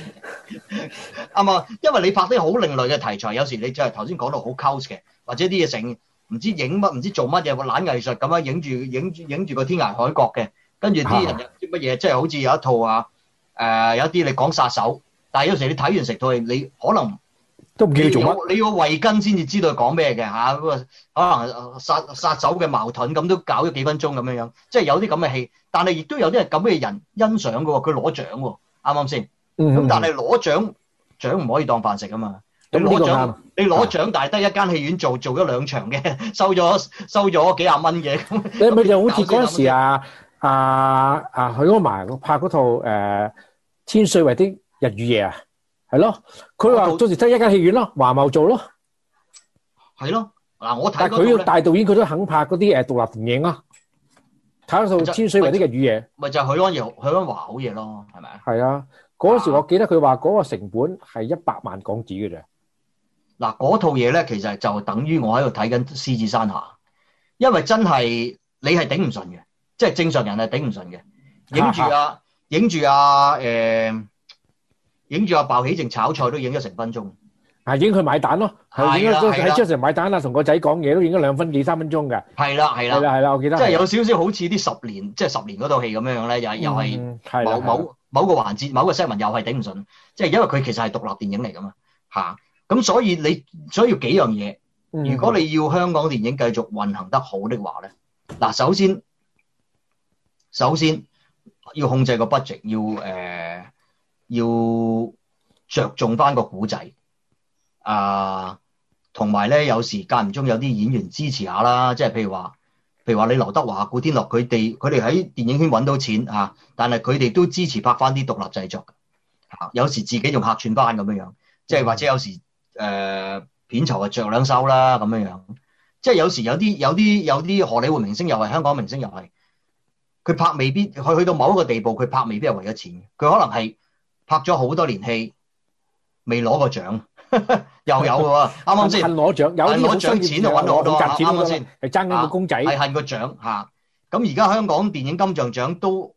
S2: 啱啊，因為你拍啲好另類嘅題材，有時你就係頭先講到好 close 嘅，或者啲嘢成唔知影乜，唔知做乜嘢，懶藝術咁樣影住影住影住個天涯海角嘅，跟住啲人又唔知乜嘢，即係好似有一套啊。誒、呃，有一啲你講殺手，但係有時你睇完成套戲你可能，都唔記得做乜，你要慧根先至知道講咩嘅嚇。咁啊，可能殺殺手嘅矛盾咁都搞咗幾分鐘咁樣樣，即係有啲咁嘅戲。但係亦都有啲咁嘅人欣賞嘅喎，佢攞獎喎，啱唔啱先？咁但係攞獎，獎唔可以當飯食啊嘛。咁攞獎，你攞獎但係得一間戲院做做咗兩場嘅，收咗收咗幾廿蚊嘅。你咪就好似嗰時啊啊
S1: 啊許鞍華拍嗰套誒《天水圍的日與夜》啊。係咯，佢話嗰時得一間戲院咯，華茂做咯，
S2: 係咯。嗱，我睇佢要大導
S1: 演，佢都肯拍嗰啲誒獨立電影啊。睇到《天水圍嘅日與夜》
S2: 嘢，咪就係許鞍華，許鞍華好嘢咯，係咪啊？
S1: 係啊，嗰時我記得佢話嗰個成
S2: 本係一百萬港紙嘅啫。嗱、啊，嗰套嘢咧，其實就等於我喺度睇緊《獅子山下》，因為真係你係頂唔順嘅，即係正常人係頂唔順嘅。影住啊，影住啊，誒、啊。影住阿鮑起靜炒菜都影咗成分鐘，係，影佢買蛋咯，係影係喺出
S1: 成買蛋啦，同個仔講嘢，都影咗兩分幾三分鐘嘅，係啦係啦係啦，我記得，即係有少少好
S2: 似啲十年，即係十年嗰套戲咁樣樣咧，又又係某某某個環節、某個 scene 又係頂唔順，即係因為佢其實係獨立電影嚟噶嘛，吓，咁所以你所以要幾樣嘢，如果你要香港電影繼續運行得好的話咧，嗱，首先首先要控制個 budget，要誒。要着重翻個古仔啊，同埋咧，有時間唔中有啲演員支持下啦，即係譬如話，譬如話你劉德華、古天樂佢哋，佢哋喺電影圈揾到錢啊，但係佢哋都支持拍翻啲獨立製作，啊，有時自己仲客串翻咁樣樣，即係或者有時誒、呃、片酬啊着兩收啦咁樣樣，即係有時有啲有啲有啲荷里活明星又係香港明星又係，佢拍未必佢去到某一個地步，佢拍未必係為咗錢，佢可能係。拍咗好多年戲，未攞過獎，哈哈又有嘅喎。啱啱先攞獎，有啲好商業，攞獎先就揾到啦。啱啱先係爭個獎。咁而家香港電影金像獎都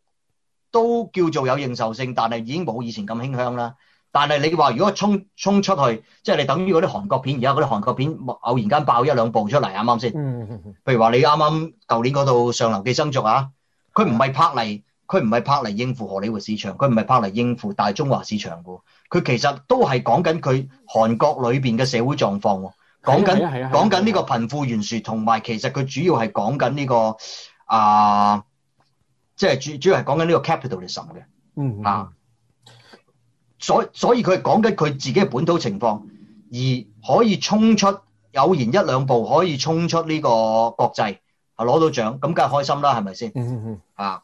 S2: 都叫做有認受性，但係已經冇以前咁興香啦。但係你話如果衝衝出去，即係你等於嗰啲韓國片，而家嗰啲韓國片偶然間爆一兩部出 <laughs> 剛剛部出嚟，啱啱先？譬如話你啱啱舊年嗰套《上流寄生族》啊，佢唔係拍嚟。佢唔係拍嚟應付荷里活市場，佢唔係拍嚟應付大中華市場嘅。佢其實都係講緊佢韓國裏邊嘅社會狀況，講緊講緊呢個貧富懸殊，同埋其實佢主要係講緊呢個啊，即係主主要係講緊呢個 capitalism 嘅，嗯啊哼，所所以佢係講緊佢自己嘅本土情況，而可以衝出偶然一兩步，可以衝出呢個國際，係、啊、攞到獎，咁梗係開心啦，係咪先？嗯嗯啊。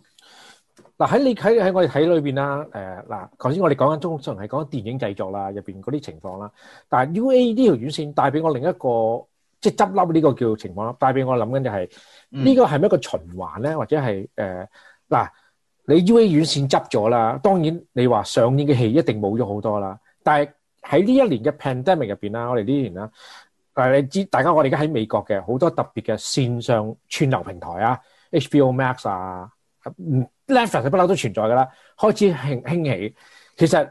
S1: 嗱，喺你喺喺我哋睇裏邊啦，誒、呃、嗱，頭先我哋講緊中國新聞係講電影製作啦，入邊嗰啲情況啦。但係 U A 呢條院線帶俾我另一個，即係執笠呢個叫情況啦，帶俾我諗緊就係呢個係咪一個循環咧？或者係誒，嗱，你 U A 院線執咗啦，當然你話上演嘅戲一定冇咗好多啦。但係喺呢一年嘅 pandemic 入邊啦，我哋呢年啦，你知大家知我哋而家喺美國嘅好多特別嘅線上串流平台啊，HBO Max 啊，嗯。Netflix 不嬲都存在噶啦，開始興起。其實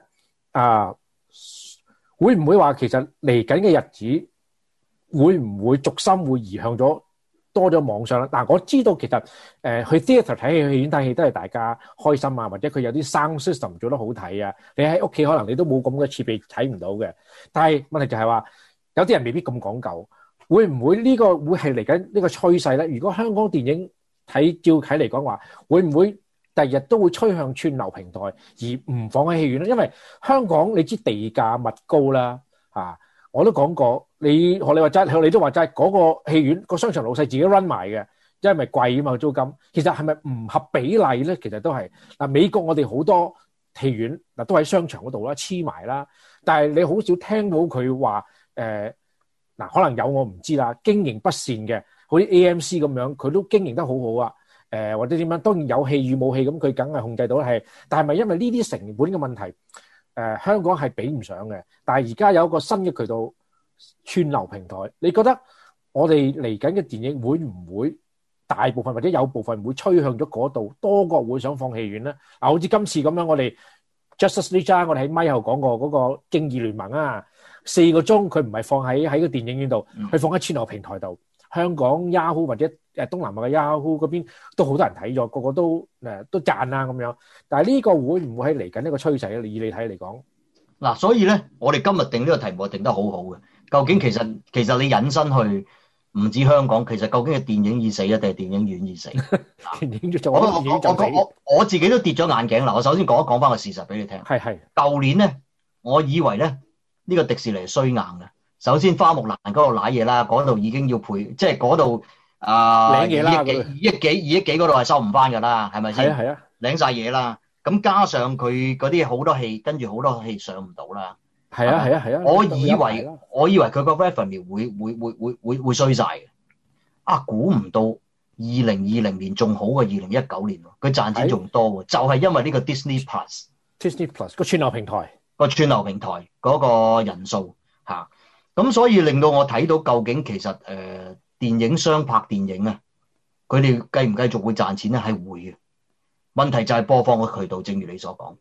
S1: 啊、呃，會唔會話其實嚟緊嘅日子會唔會軸心會移向咗多咗網上啦？嗱，我知道其實誒、呃、去 theatre 睇戲、去戲院睇戲都係大家開心啊，或者佢有啲 sound system 做得好睇啊。你喺屋企可能你都冇咁嘅設備睇唔到嘅。但係問題就係話有啲人未必咁講究，會唔會呢個會係嚟緊呢個趨勢咧？如果香港電影睇照睇嚟講話，會唔會？第二日都會吹向串流平台，而唔放喺戲院啦。因為香港你知地價物高啦，吓我都講過。你學你話齋，你都話齋嗰個戲院、個商場老細自己 run 埋嘅，因為咪貴嘛，租金。其實係咪唔合比例咧？其實都係嗱，美國我哋好多戲院嗱都喺商場嗰度啦，黐埋啦。但係你好少聽到佢話誒嗱，可能有我唔知啦，經營不善嘅，好似 AMC 咁樣，佢都經營得好好啊。誒或者點樣？當然有戲與冇戲，咁佢梗係控制到係。但係咪因為呢啲成本嘅問題？誒，香港係比唔上嘅。但係而家有個新嘅渠道串流平台，你覺得我哋嚟緊嘅電影會唔會大部分或者有部分會趨向咗嗰度，多個會想放戲院咧？嗱，好似今次咁樣，我哋 Justice League，我哋喺咪後講過嗰個正義聯盟啊，四個鐘佢唔係放喺喺個電影院度，佢放喺串流平台度。香港 Yahoo 或者誒東南亞嘅 Yahoo 嗰邊都好多人睇咗，個個都誒都讚啊咁樣。但係呢個會唔會喺嚟緊呢個趨勢咧？以你睇嚟講，
S2: 嗱，所以咧，我哋今日定呢個題目定得好好嘅。究竟其實其實你引申去，唔止香港，其實究竟係電影已死啊，定係電影院已死？電影院做電影就死。我我我自己都跌咗眼鏡啦。我首先講一講翻個事實俾你聽。係係。舊年咧，我以為咧呢個迪士尼係衰硬嘅。首先花木蘭嗰度攋嘢啦，嗰度已經要賠，即係嗰度啊，二億幾二億幾二億幾嗰度係收唔翻㗎啦，係咪先？係啊係啊，領晒嘢啦，咁加上佢嗰啲好多戲，跟住好多戲上唔到啦。係啊係啊係啊！我以為我以為佢個 Revenue 會會會會會會衰晒嘅，啊估唔到二零二零年仲好過二零一九年，佢賺錢仲多喎，就係因為呢個 Disney Plus。Disney Plus 個串流平台，個串流平台嗰個人數吓。咁所以令到我睇到，究竟其實誒、呃、電影商拍電影啊，佢哋繼唔繼續會賺錢咧？係會嘅。問題就係播放嘅渠道，正如你所講。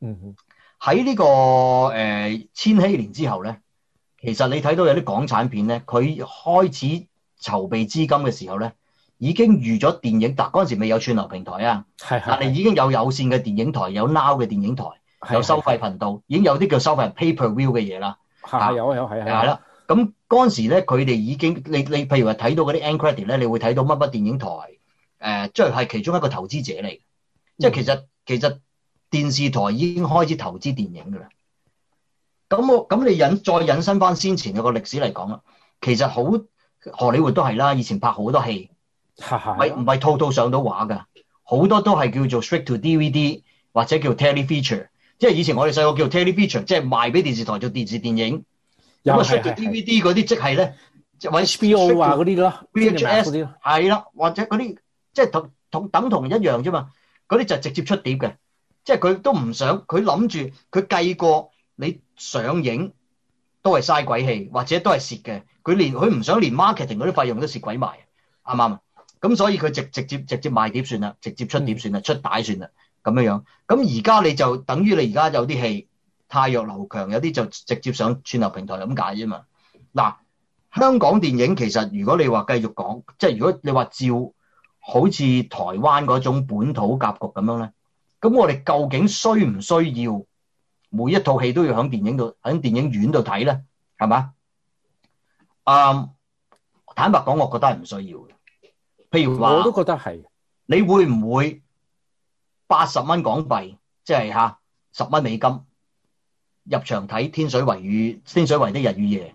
S2: 嗯
S1: 哼。
S2: 喺呢、這個誒、呃、千禧年之後咧，其實你睇到有啲港產片咧，佢開始籌備資金嘅時候咧，已經預咗電影。但嗰陣時未有串流平台啊，係係係但係已經有有線嘅電影台，有 Now 嘅電影台，有收費頻道，係係係已經有啲叫收費 pay-per-view 嘅嘢啦。吓有啊有係係啦，咁嗰陣時咧，佢哋已經你你譬如話睇到嗰啲 end credit 咧，你會睇到乜乜電影台，誒即係係其中一個投資者嚟，嗯、即係其實其實電視台已經開始投資電影噶啦。咁我咁你引再引申翻先前嗰個歷史嚟講啦，其實好荷里活都係啦，以前拍好多戲，係唔係套套上到畫噶？好多都係叫做 Straight to DVD 或者叫 Telefeature。即係以前我哋細個叫 television，即係賣俾電視台做電視電影，
S1: 有啊，出 D V D
S2: 嗰啲即係咧，即係 S P O 啊嗰啲咯，B H S 係啦，或者嗰啲即係同同等同一樣啫嘛，嗰啲就直接出碟嘅，即係佢都唔想，佢諗住佢計過你上映都係嘥鬼氣，或者都係蝕嘅，佢連佢唔想連 marketing 嗰啲費用都蝕鬼埋，啱唔啱啊？咁所以佢直直接直接，直接賣碟算啦，直接出碟算啦，嗯、出帶算啦。咁樣樣，咁而家你就等於你而家有啲戲汰弱留強，有啲就直接上串流平台咁解啫嘛。嗱，香港電影其實如果你話繼續講，即係如果你話照好似台灣嗰種本土格局咁樣咧，咁我哋究竟需唔需要每一套戲都要喺電影度喺電影院度睇咧？係嘛？啊、um，坦白講，我覺得係唔需要嘅。譬如話，我都覺得係。你會唔會？八十蚊港幣，即係吓十蚊美金入場睇《天水圍雨》，天水圍的日與夜。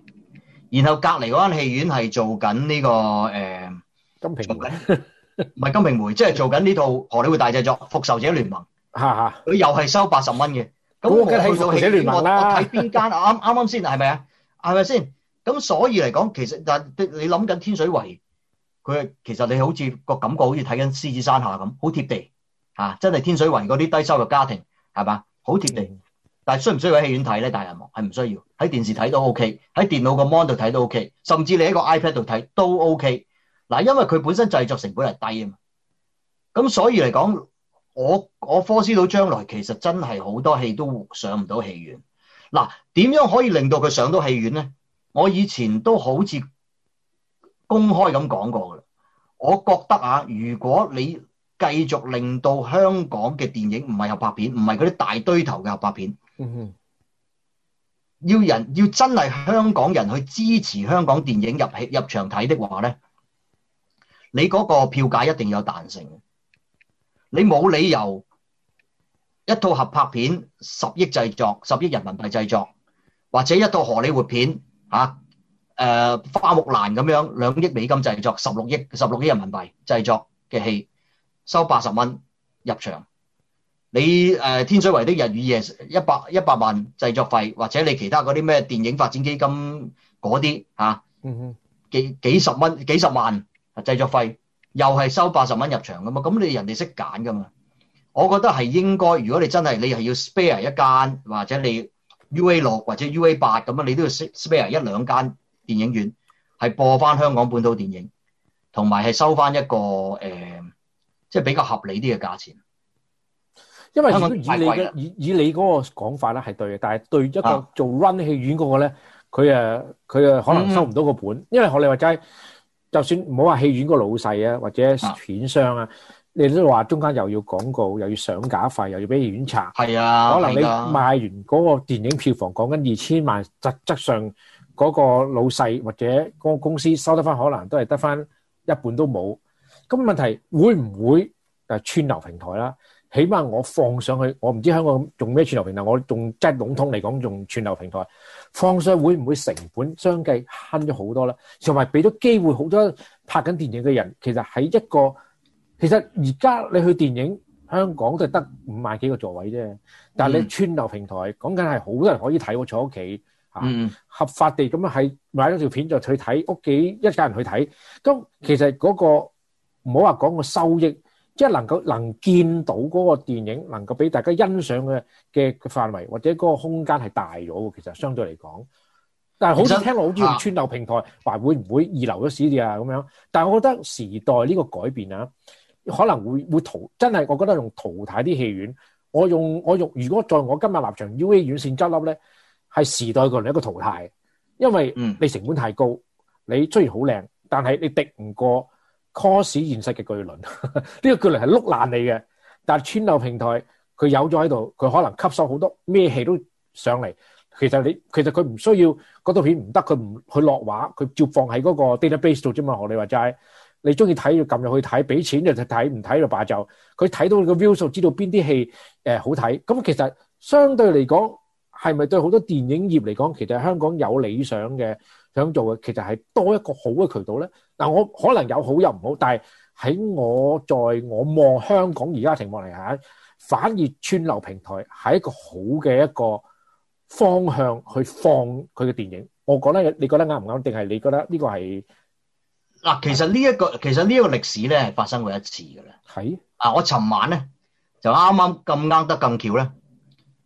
S2: 然後隔離嗰間戲院係做緊、這、呢個誒金瓶梅，唔係金瓶梅，即係做緊呢套荷里活大製作《復仇者聯盟》。嚇嚇、嗯，佢又係收八十蚊嘅。咁梗係復仇者聯盟啦， <laughs> 我睇邊間？啱啱啱先係咪啊？係咪先？咁所以嚟講，其實但你諗緊天水圍，佢其實你好似個感覺好似睇緊獅子山下咁，好貼地。嚇、啊！真係天水圍嗰啲低收入家庭，係嘛？好貼地，嗯嗯，但係需唔需要喺戲院睇咧？大銀幕係唔需要，喺電視睇都 OK，喺電腦個 mon 度睇都 OK，甚至你喺個 iPad 度睇都 OK。嗱、啊，因為佢本身製作成本係低啊嘛，咁所以嚟講，我我科斯島將來其實真係好多戲都上唔到戲院。嗱、啊，點樣可以令到佢上到戲院咧？我以前都好似公開咁講過噶啦，我覺得啊，如果你繼續令到香港嘅電影唔係合拍片，唔係嗰啲大堆頭嘅合拍片。Mm hmm. 要人要真係香港人去支持香港電影入戲入場睇的話呢，你嗰個票價一定要有彈性。你冇理由一套合拍片十億製作，十億人民幣製作，或者一套荷里活片、啊呃、花木蘭咁樣兩億美金製作，十六億十六億人民幣製作嘅戲。收八十蚊入場，你誒、呃、天水圍的日與夜一百一百萬製作費，或者你其他嗰啲咩電影發展基金嗰啲嚇，幾幾十蚊幾十萬製作費，又係收八十蚊入場噶嘛。咁你人哋識揀噶嘛？我覺得係應該，如果你真係你係要 spare 一間，或者你 UA 六或者 UA 八咁你都要 spare 一兩間電影院，係播翻香港本土電影，同埋係收翻一個誒。呃即係比較合理啲嘅價錢，因為以你
S1: 嘅以以你嗰個講法咧係對嘅，但係對一個做 run 戲院嗰、嗰個咧，佢誒佢誒可能收唔到個本，嗯、因為學你話齋，就算唔好話戲院個老細啊或者片商啊，啊你都話中間又要廣告又要上架費，又要俾院查。係啊，可能你賣完嗰個電影票房講緊二千萬，實質上嗰個老細或者嗰個公司收得翻，可能都係得翻一半都冇。咁問題會唔會誒串流平台啦？起碼我放上去，我唔知香港用咩串流平台，我用即係籠統嚟講，用串流平台放上去會唔會成本相繼慳咗好多咧？同埋俾咗機會好多拍緊電影嘅人，其實喺一個其實而家你去電影香港都係得五萬幾個座位啫。但係你串流平台講緊係好多人都可以睇喎，坐屋企嚇合法地咁樣係買咗條片就去睇，屋企一家人去睇。咁其實嗰個唔好話講個收益，即係能夠能見到嗰個電影，能夠俾大家欣賞嘅嘅範圍或者嗰個空間係大咗喎。其實相對嚟講，但係好似聽落好似用串流平台，或、啊、會唔會二流咗市啲啊咁樣？但係我覺得時代呢個改變啊，可能會會淘真係，我覺得用淘汰啲戲院。我用我用，如果在我今日立場，U A 院線執笠咧，係時代過嚟一個淘汰，因為你成本太高，你雖然好靚，但係你敵唔過。跨市現實嘅巨輪，呢、這個巨輪係碌爛你嘅，但係串流平台佢有咗喺度，佢可能吸收好多咩戲都上嚟。其實你其實佢唔需要嗰套片唔得，佢唔去落畫，佢照放喺嗰個 database 度啫嘛。學你話齋，你中意睇就撳入去睇，俾錢就睇，唔睇就擺就。佢睇到你個 view 數，知道邊啲戲誒、呃、好睇。咁、嗯、其實相對嚟講，係咪對好多電影業嚟講，其實香港有理想嘅？想做嘅其實係多一個好嘅渠道咧，嗱我可能有好又唔好，但係喺我在我望香港而家嘅情況嚟睇，反而串流平台係一個好嘅一個方向去放佢嘅電影。我覺得你覺得啱唔啱？定係你覺得呢個係
S2: 嗱？其實呢一個其實呢個歷史咧，發生過一次㗎啦。係啊，我尋晚咧就啱啱咁啱得咁巧咧，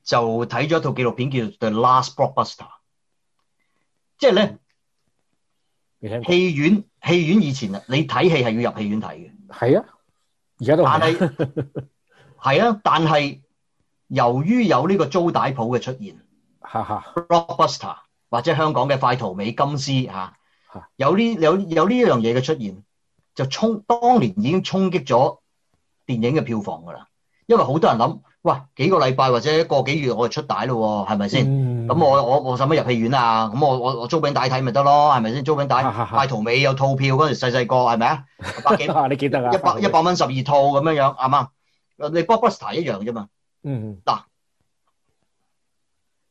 S2: 就睇咗一套紀錄片叫《The Last Blockbuster》，即係咧。戲院，戲院以前啊，你睇戲係要入戲院睇嘅。係啊是，而家都係。係啊，但係由於有呢個租帶鋪嘅出現 <laughs> ，Rockbuster 或者香港嘅快圖美金獅吓， <laughs> 有呢有有呢樣嘢嘅出現，就衝當年已經衝擊咗電影嘅票房噶啦，因為好多人諗。喂，幾個禮拜或者一個幾月我就出帶咯，係咪先？咁、嗯、我我我使乜入戲院啊？咁我我我租餅帶睇咪得咯，係咪先？租餅帶賣淘尾有套票嗰陣，細細個係咪啊？百幾蚊 <laughs> 你記得啊？一百一百蚊十二套咁樣樣啱啊？你 Blockbuster 一樣啫嘛。嗯，嗱，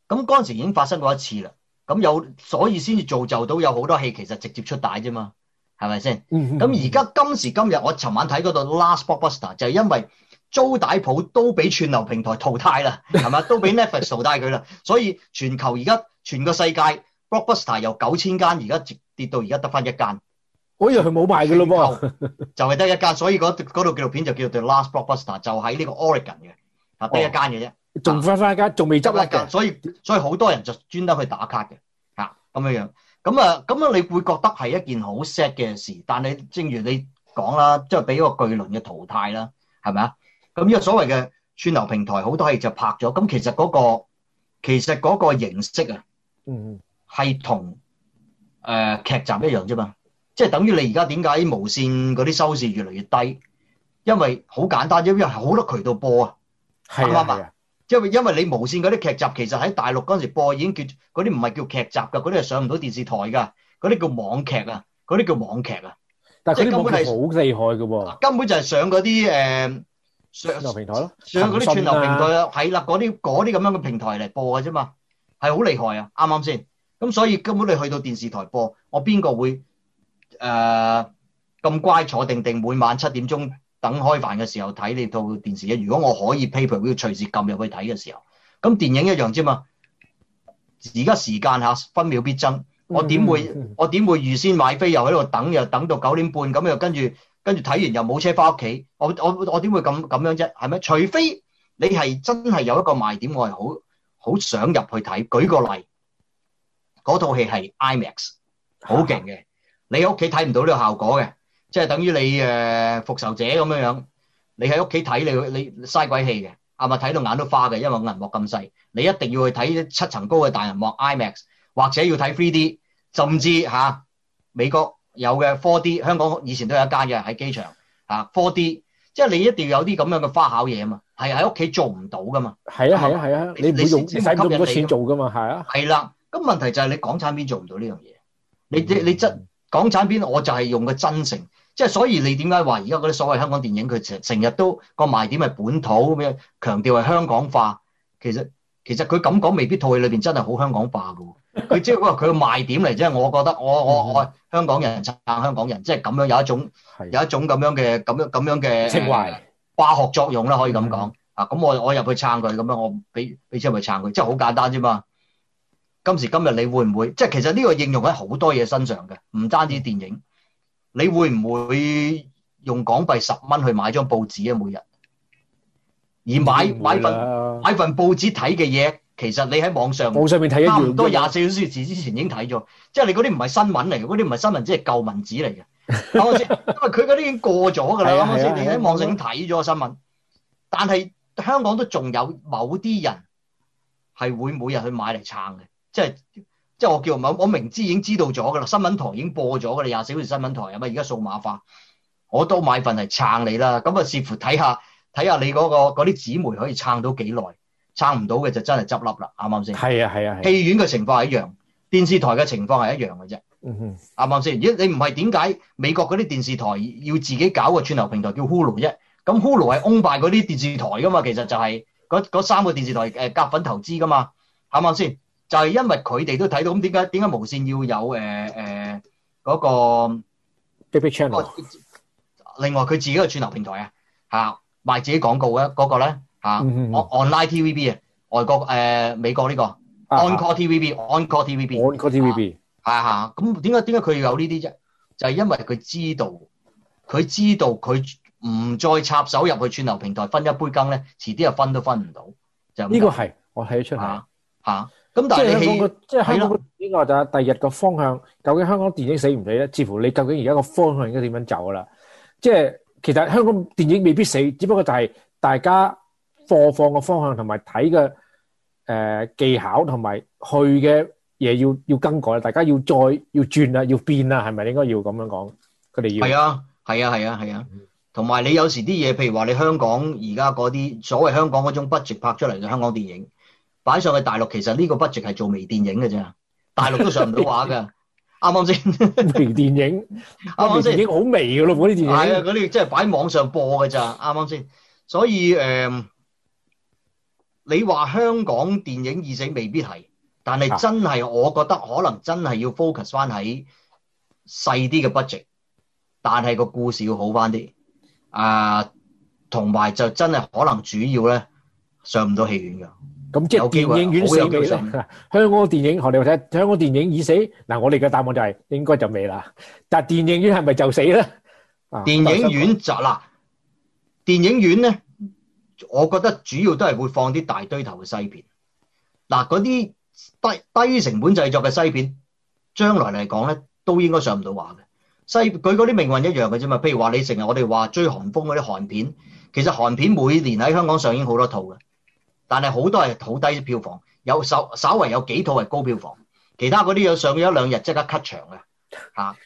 S2: 咁嗰陣時已經發生過一次啦。咁有所以先至造就到有好多戲其實直接出帶啫嘛，係咪先？咁而家今時今日，我尋晚睇嗰套 Last Blockbuster 就係因為。租帶鋪都俾串流平台淘汰啦，係咪？都俾 Netflix 淘汰佢啦， <laughs> 所以全球而家全個世界 Blockbuster 由九千間而家直跌到而家得翻一間。嗰日佢冇賣嘅咯喎，就係得一間， <laughs> 所以嗰嗰套紀錄片就叫做 The Last Blockbuster，就《Last Blockbuster》，就喺呢個 Oregon 嘅，啊得一間嘅啫，仲翻翻一間，仲未執一間， <laughs> 所以所以好多人就專登去打卡嘅嚇咁樣樣咁啊咁啊，樣你會覺得係一件好 sad 嘅事，但係正如你講啦，即係俾個巨輪嘅淘汰啦，係咪啊？咁呢個所謂嘅串流平台好多嘢就拍咗，咁其實嗰個其實嗰個形式啊，係同誒劇集一樣啫嘛。即係等於你而家點解無線嗰啲收視越嚟越低？因為好簡單，因為係好多渠道播啊，啱唔啱啊？因為因為你無線嗰啲劇集其實喺大陸嗰陣時播已經叫嗰啲唔係叫劇集㗎，嗰啲係上唔到電視台㗎，嗰啲叫網劇啊，嗰啲叫網劇啊。但係嗰啲網劇好厲害㗎喎，根本就係上嗰啲誒。上平台咯，嗰啲串流平台啦，係啦，嗰啲嗰啲咁樣嘅平台嚟播嘅啫嘛，係好厲害啊，啱啱先？咁所以根本你去到電視台播，我邊個會誒咁、呃、乖坐定定，每晚七點鐘等開飯嘅時候睇你套電視嘅？如果我可以 pay per view 要隨時撳入去睇嘅時候，咁電影一樣啫嘛。而家時間吓分秒必爭，嗯嗯我點會我點會預先買飛又喺度等，又等到九點半，咁又跟住。跟住睇完又冇車翻屋企，我我我點會咁咁樣啫？係咪？除非你係真係有一個賣點，我係好好想入去睇。舉個例，嗰套戲係 IMAX，好勁嘅。你喺屋企睇唔到呢個效果嘅，即係等於你誒復仇者咁樣樣，你喺屋企睇你你嘥鬼氣嘅，係咪？睇到眼都花嘅，因為銀幕咁細，你一定要去睇七層高嘅大銀幕 IMAX，或者要睇 3D，甚至吓美國。有嘅 4D，香港以前都有一間嘅，喺機場嚇 4D，即係你一定要有啲咁樣嘅花巧嘢嘛，係喺屋企做唔到噶嘛。係啊係啊係啊，你你使咁多錢做噶嘛係啊。係啦、啊，咁問題就係你港產片做唔到呢樣嘢，你你你真港產片我就係用個真誠，即係所以你點解話而家嗰啲所謂香港電影佢成成日都個賣點係本土咁樣，強調係香港化，其實其實佢咁講未必套戲裏面真係好香港化噶喎。佢即係佢嘅賣點嚟啫，我覺得我我我香港人撐香港人，即係咁樣有一種的有一種咁樣嘅咁樣咁樣嘅化學作用啦，可以咁講的啊！咁我我入去撐佢，咁樣我俾俾錢去撐佢，即係好簡單啫嘛。今時今日你會唔會？即係其實呢個應用喺好多嘢身上嘅，唔單止電影，你會唔會用港幣十蚊去買張報紙啊？每日而買買份買份報紙睇嘅嘢。其實你喺網上網上面睇差唔多廿四小時之前已經睇咗，即係你嗰啲唔係新聞嚟嘅，嗰啲唔係新聞，即係舊聞紙嚟嘅。 <laughs> 因為佢嗰啲已經過咗㗎啦。啱先，你喺網上已經睇咗個新聞， <laughs> 但係香港都仲有某啲人係會每日去買嚟撐嘅，即係即係我叫某，我明知已經知道咗㗎啦，新聞台已經播咗㗎啦，廿四小時新聞台啊嘛，而家數碼化，我都買份嚟撐你啦。咁啊，視乎睇下睇下你嗰、嗰個嗰啲紙媒可以撐到幾耐。撐唔到嘅就真係執笠啦，啱唔啱先？係啊係啊，啊啊戲院嘅情況係一樣，電視台嘅情況係一樣嘅啫。嗯哼，啱唔啱先？如果你唔係點解美國嗰啲電視台要自己搞個串流平台叫 Hulu 啫？咁 Hulu 係 own by 嗰啲電視台噶嘛？其實就係嗰三個電視台夾份、呃、投資噶嘛，啱唔啱先？就係、是、因為佢哋都睇到，咁點解點解無線要有嗰、呃呃那個 Big Big Channel？啊、另外佢自己個串流平台啊，賣自己廣告啊，嗰、那個咧。啊、嗯、online T V B 啊，外國誒、呃，美國呢、這個 on call T V B，on call T V B，on call T V B，係啊，咁點解點解佢要有呢啲啫？就係、是、因為佢知道，佢知道佢唔再插手入去串流平台分一杯羹咧，遲啲就分都分唔到。就呢個係我睇得出嚟。吓咁、啊，啊、但係你港個
S1: 即係香港呢個就係第日個方向，究竟香港電影死唔死咧？至乎你究竟而家個方向應該點樣走噶啦？即係其實香港電影未必死，只不過就係大家。播放嘅方向同埋睇嘅誒技巧同埋去嘅嘢要要更改，大家要再要轉啦，要變啦，係咪應該要咁樣講？佢哋要係啊，
S2: 係啊，係啊，係啊，同埋、嗯、你有時啲嘢，譬如話你香港而家嗰啲所謂香港嗰種 budget 拍出嚟嘅香港電影擺上去大陸，其實呢個 budget 係做微電影嘅啫。大陸都上唔到畫㗎。啱啱先微電影，
S1: 啱啱先已經好
S2: 微㗎咯，嗰啲電影係嗎啊，嗰啲即係擺網上播嘅咋，啱啱先，所以誒。呃你話香港電影已死未必係，但係真係我覺得可能真係要 focus 翻喺細啲嘅 budget，但係個故事要好翻啲。啊、呃，同埋就真係可能主要咧上唔到戲院㗎。咁即係電，電影院死未咧？
S1: 香港電影學你睇香港電影已死。嗱，我哋嘅答案就係應該就未啦。但係電影院係咪就死咧、
S2: 啊？電影院就啦，電影院咧。我覺得主要都係會放啲大堆頭嘅西片，嗱，嗰啲低低成本製作嘅西片，將來嚟講咧都應該上唔到畫嘅西，佢嗰啲命運一樣嘅啫嘛。譬如話你成日我哋話追韓風嗰啲韓片，其實韓片每年喺香港上映好多套嘅，但係好多係好低票房，有稍稍為有幾套係高票房，其他嗰啲有上咗一兩日即刻 cut 場嘅吓、啊。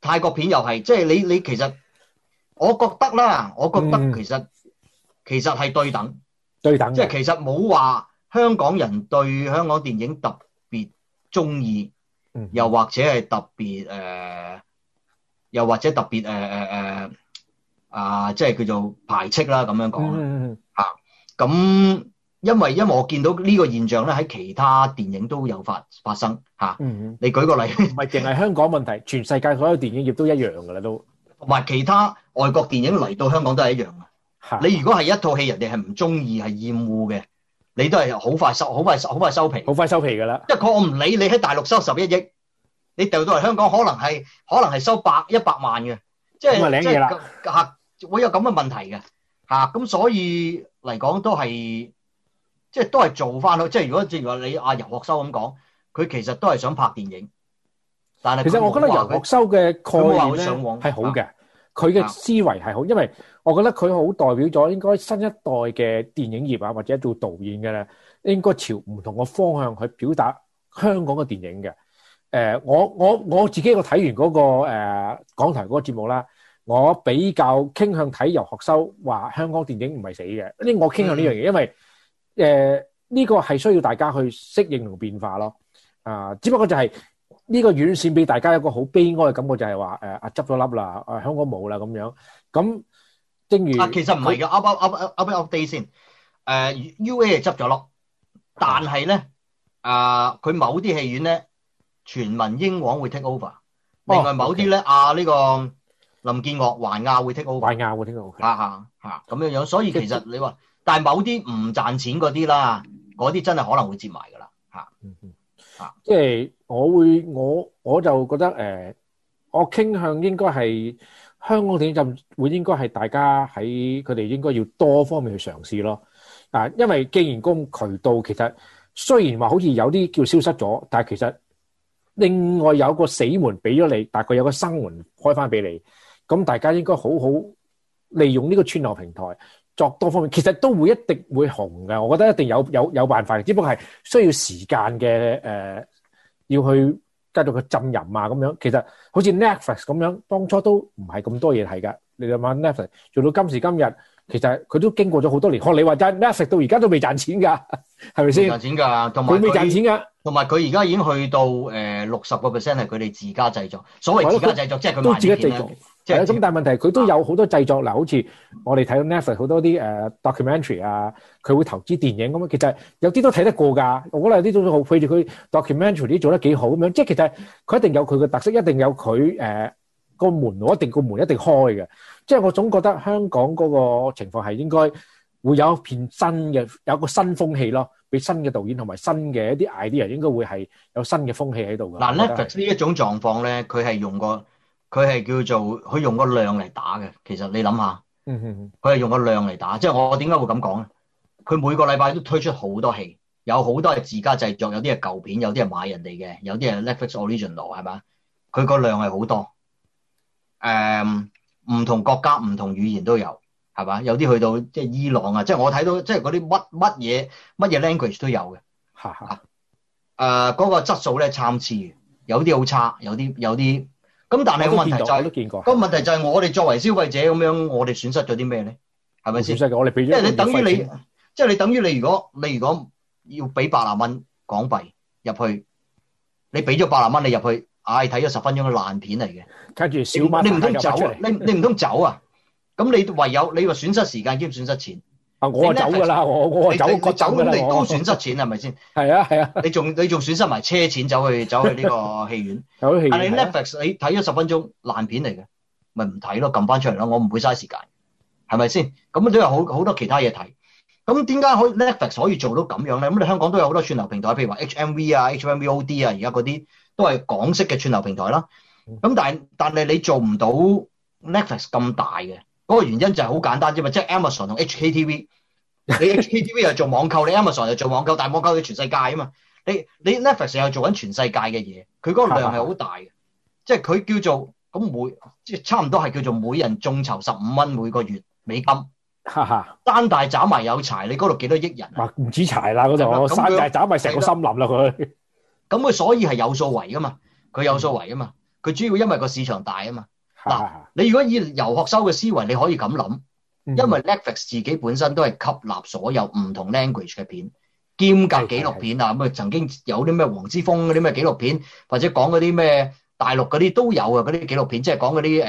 S2: 泰國片又係，即係你你其實我覺得啦，我覺得其實。嗯其實係對等對等，對等即係其實冇話香港人對香港電影特別中意，嗯、又或者係特別誒、呃，又或者特別誒誒誒啊，即係叫做排斥啦咁樣講、嗯嗯嗯、啊咁因為因為我見到呢個現象咧，喺其他電影都有發發生嚇、啊。你舉個例子，唔係淨係香港問題，全世界所有電影業都一樣噶啦，都同埋其他外國電影嚟到香港都係一樣。你如果係一套戲，人哋係唔中意、係厭惡嘅，你都係好快收、好快好快收皮，好快收皮噶啦。即係佢我唔理你喺大陸收十一億，你掉到嚟香港可能係可能係收百一百萬嘅，即係即係嚇會有咁嘅問題嘅嚇。咁、啊、所以嚟講都係即係都係做翻咯。即係如果正如話你阿游學修咁講，佢其實都係想拍電影，但係其實話我覺得游學
S1: 修嘅概念上咧係好嘅。佢嘅思維係好，因為我覺得佢好代表咗應該新一代嘅電影業啊，或者做導演嘅咧，應該朝唔同嘅方向去表達香港嘅電影嘅、呃。我我我自己我睇完嗰、個、呃、港台嗰個節目啦，我比較傾向睇游學修話香港電影唔係死嘅。呢，我傾向呢樣嘢，因為呢、呃呢個係需要大家去適應同變化咯。啊、呃，只不過就係、係。呢個院線俾大家一個好悲哀嘅感覺就是說，就係話誒阿執咗笠啦，誒、呃、香
S2: 港冇啦咁樣。咁正如啊，其實唔係嘅他 u p u p u p u p u p u t day 先。誒、uh, UA 執咗笠，是的但係咧啊，佢、uh, 某啲戲院咧全民英皇會 take over，、哦、另外某啲咧 okay. 啊呢、呢個林建岳寰亞會 take over，寰亞會 take over，咁樣、啊啊、樣。所以其實,其實你話，但係某啲唔賺錢嗰啲啦，嗰啲真係可能會接埋㗎啦，嚇。即係
S1: 我會我我就覺得誒、呃，我傾向應該係香港電影就會應該係大家喺佢哋應該要多方面去嘗試咯。啊，因為既然公渠道其實雖然話好似有啲叫消失咗，但係其實另外有個死門俾咗你，但係佢有個生門開翻俾你，咁大家應該好好利用呢個串流平台。作多方面，其實都會一定會紅嘅。我覺得一定有有有辦法嘅，只不過係需要時間嘅誒、呃，要去繼續去浸淫啊，咁樣。其實好似 Netflix 咁樣，當初都唔係咁多嘢睇㗎。你諗下 Netflix 做到今時今日，其實佢都經過咗好多年。學你話齋 Netflix 到而家都未賺錢㗎，係咪先？賺
S2: 錢㗎，同埋佢未賺錢㗎。同埋佢而家已經去到誒六十個 percent 係佢哋自家製作。所謂自家製作，都即係佢買片。係啊，
S1: 咁但係問題係佢都有好多製作，嗱，好似我哋睇到 Netflix 好多啲誒 documentary 啊，佢會投資電影咁啊，其實有啲都睇得過㗎。我覺得有啲都好，譬如佢 documentary 啲做得幾好咁樣，即係其實佢一定有佢嘅特色，一定有佢誒個門路，我一定個門一定開嘅。即係我總覺得香港嗰個情況係應該會有一片新嘅，有一個新風氣咯，俾新嘅導演同埋新嘅一啲 idea 應該會係有新
S2: 嘅風氣喺度㗎。嗱，Netflix 呢一種狀況咧，佢係用過。佢係叫做佢用個量嚟打嘅。其實你諗下，佢係用個量嚟打。即係我點解會咁講咧？佢每個禮拜都推出好多戲，有好多係自家製作，有啲係舊片，有啲係買人哋嘅，有啲係 Netflix Original 係嘛？佢個量係好多。誒、嗯，唔同國家、唔同語言都有係嘛？有啲去到即係伊朗啊，即係我睇到即係嗰啲乜乜嘢乜嘢 language 都有嘅。嚇嚇誒，嗰、嗰個質素咧，參差嘅，有啲好差，有啲有啲。有啲有啲咁但係個問題就係、是，個問題就係我哋作為消費者咁樣，我哋損失咗啲咩咧？係咪先？我哋俾咗。因為你等於你，即係你等於你，如果你如果要俾百零蚊港幣入去，你俾咗百零蚊你入去，唉，睇咗十分鐘嘅爛片嚟嘅，跟住小蚊你唔通走，你你唔通走啊？咁你、啊、你唯有你話損失時間兼損失錢。啊！我走噶啦，我我走，我走咁你都損失錢係咪先？係啊係啊，你仲你仲損失埋車錢，走去走去呢個戲院，有戲院 <laughs> 但係 Netflix 你睇咗十分鐘爛片嚟嘅，咪唔睇咯，撳翻出嚟咯，我唔會嘥時間，係咪先？咁都有好好多其他嘢睇。咁點解可以 Netflix 可以做到咁樣咧？咁你香港都有好多串流平台，譬如話 HMV 啊、HMVOD 啊，而家嗰啲都係港式嘅串流平台啦。咁但係但係你做唔到 Netflix 咁大嘅。嗰個原因就係好簡單啫嘛，即係 Amazon 同 HKTV。你 HKTV 又做網購，你 Amazon 又做網購，但網購喺全世界啊嘛。你你 Netflix 又做緊全世界嘅嘢，佢嗰個量係好大嘅，是是是即係佢叫做咁每即係差唔多係叫做每人眾籌十五蚊每個月美金。哈哈，山大斬埋有柴，你嗰度幾多億人？唔止柴啦，嗰度我山大斬埋成個森林啦佢。咁佢所以係有數為噶嘛？佢有數為啊嘛？佢主要因為個市場大啊嘛。嗱，你如果以遊學修嘅思維，你可以咁諗，因為 Netflix 自己本身都係吸納所有唔同 language 嘅片，兼夾紀錄片啊，咁啊曾經有啲咩黃之鋒嗰啲咩紀錄片，或者講嗰啲咩大陸嗰啲都有嘅嗰啲紀錄片，即係講嗰啲誒誒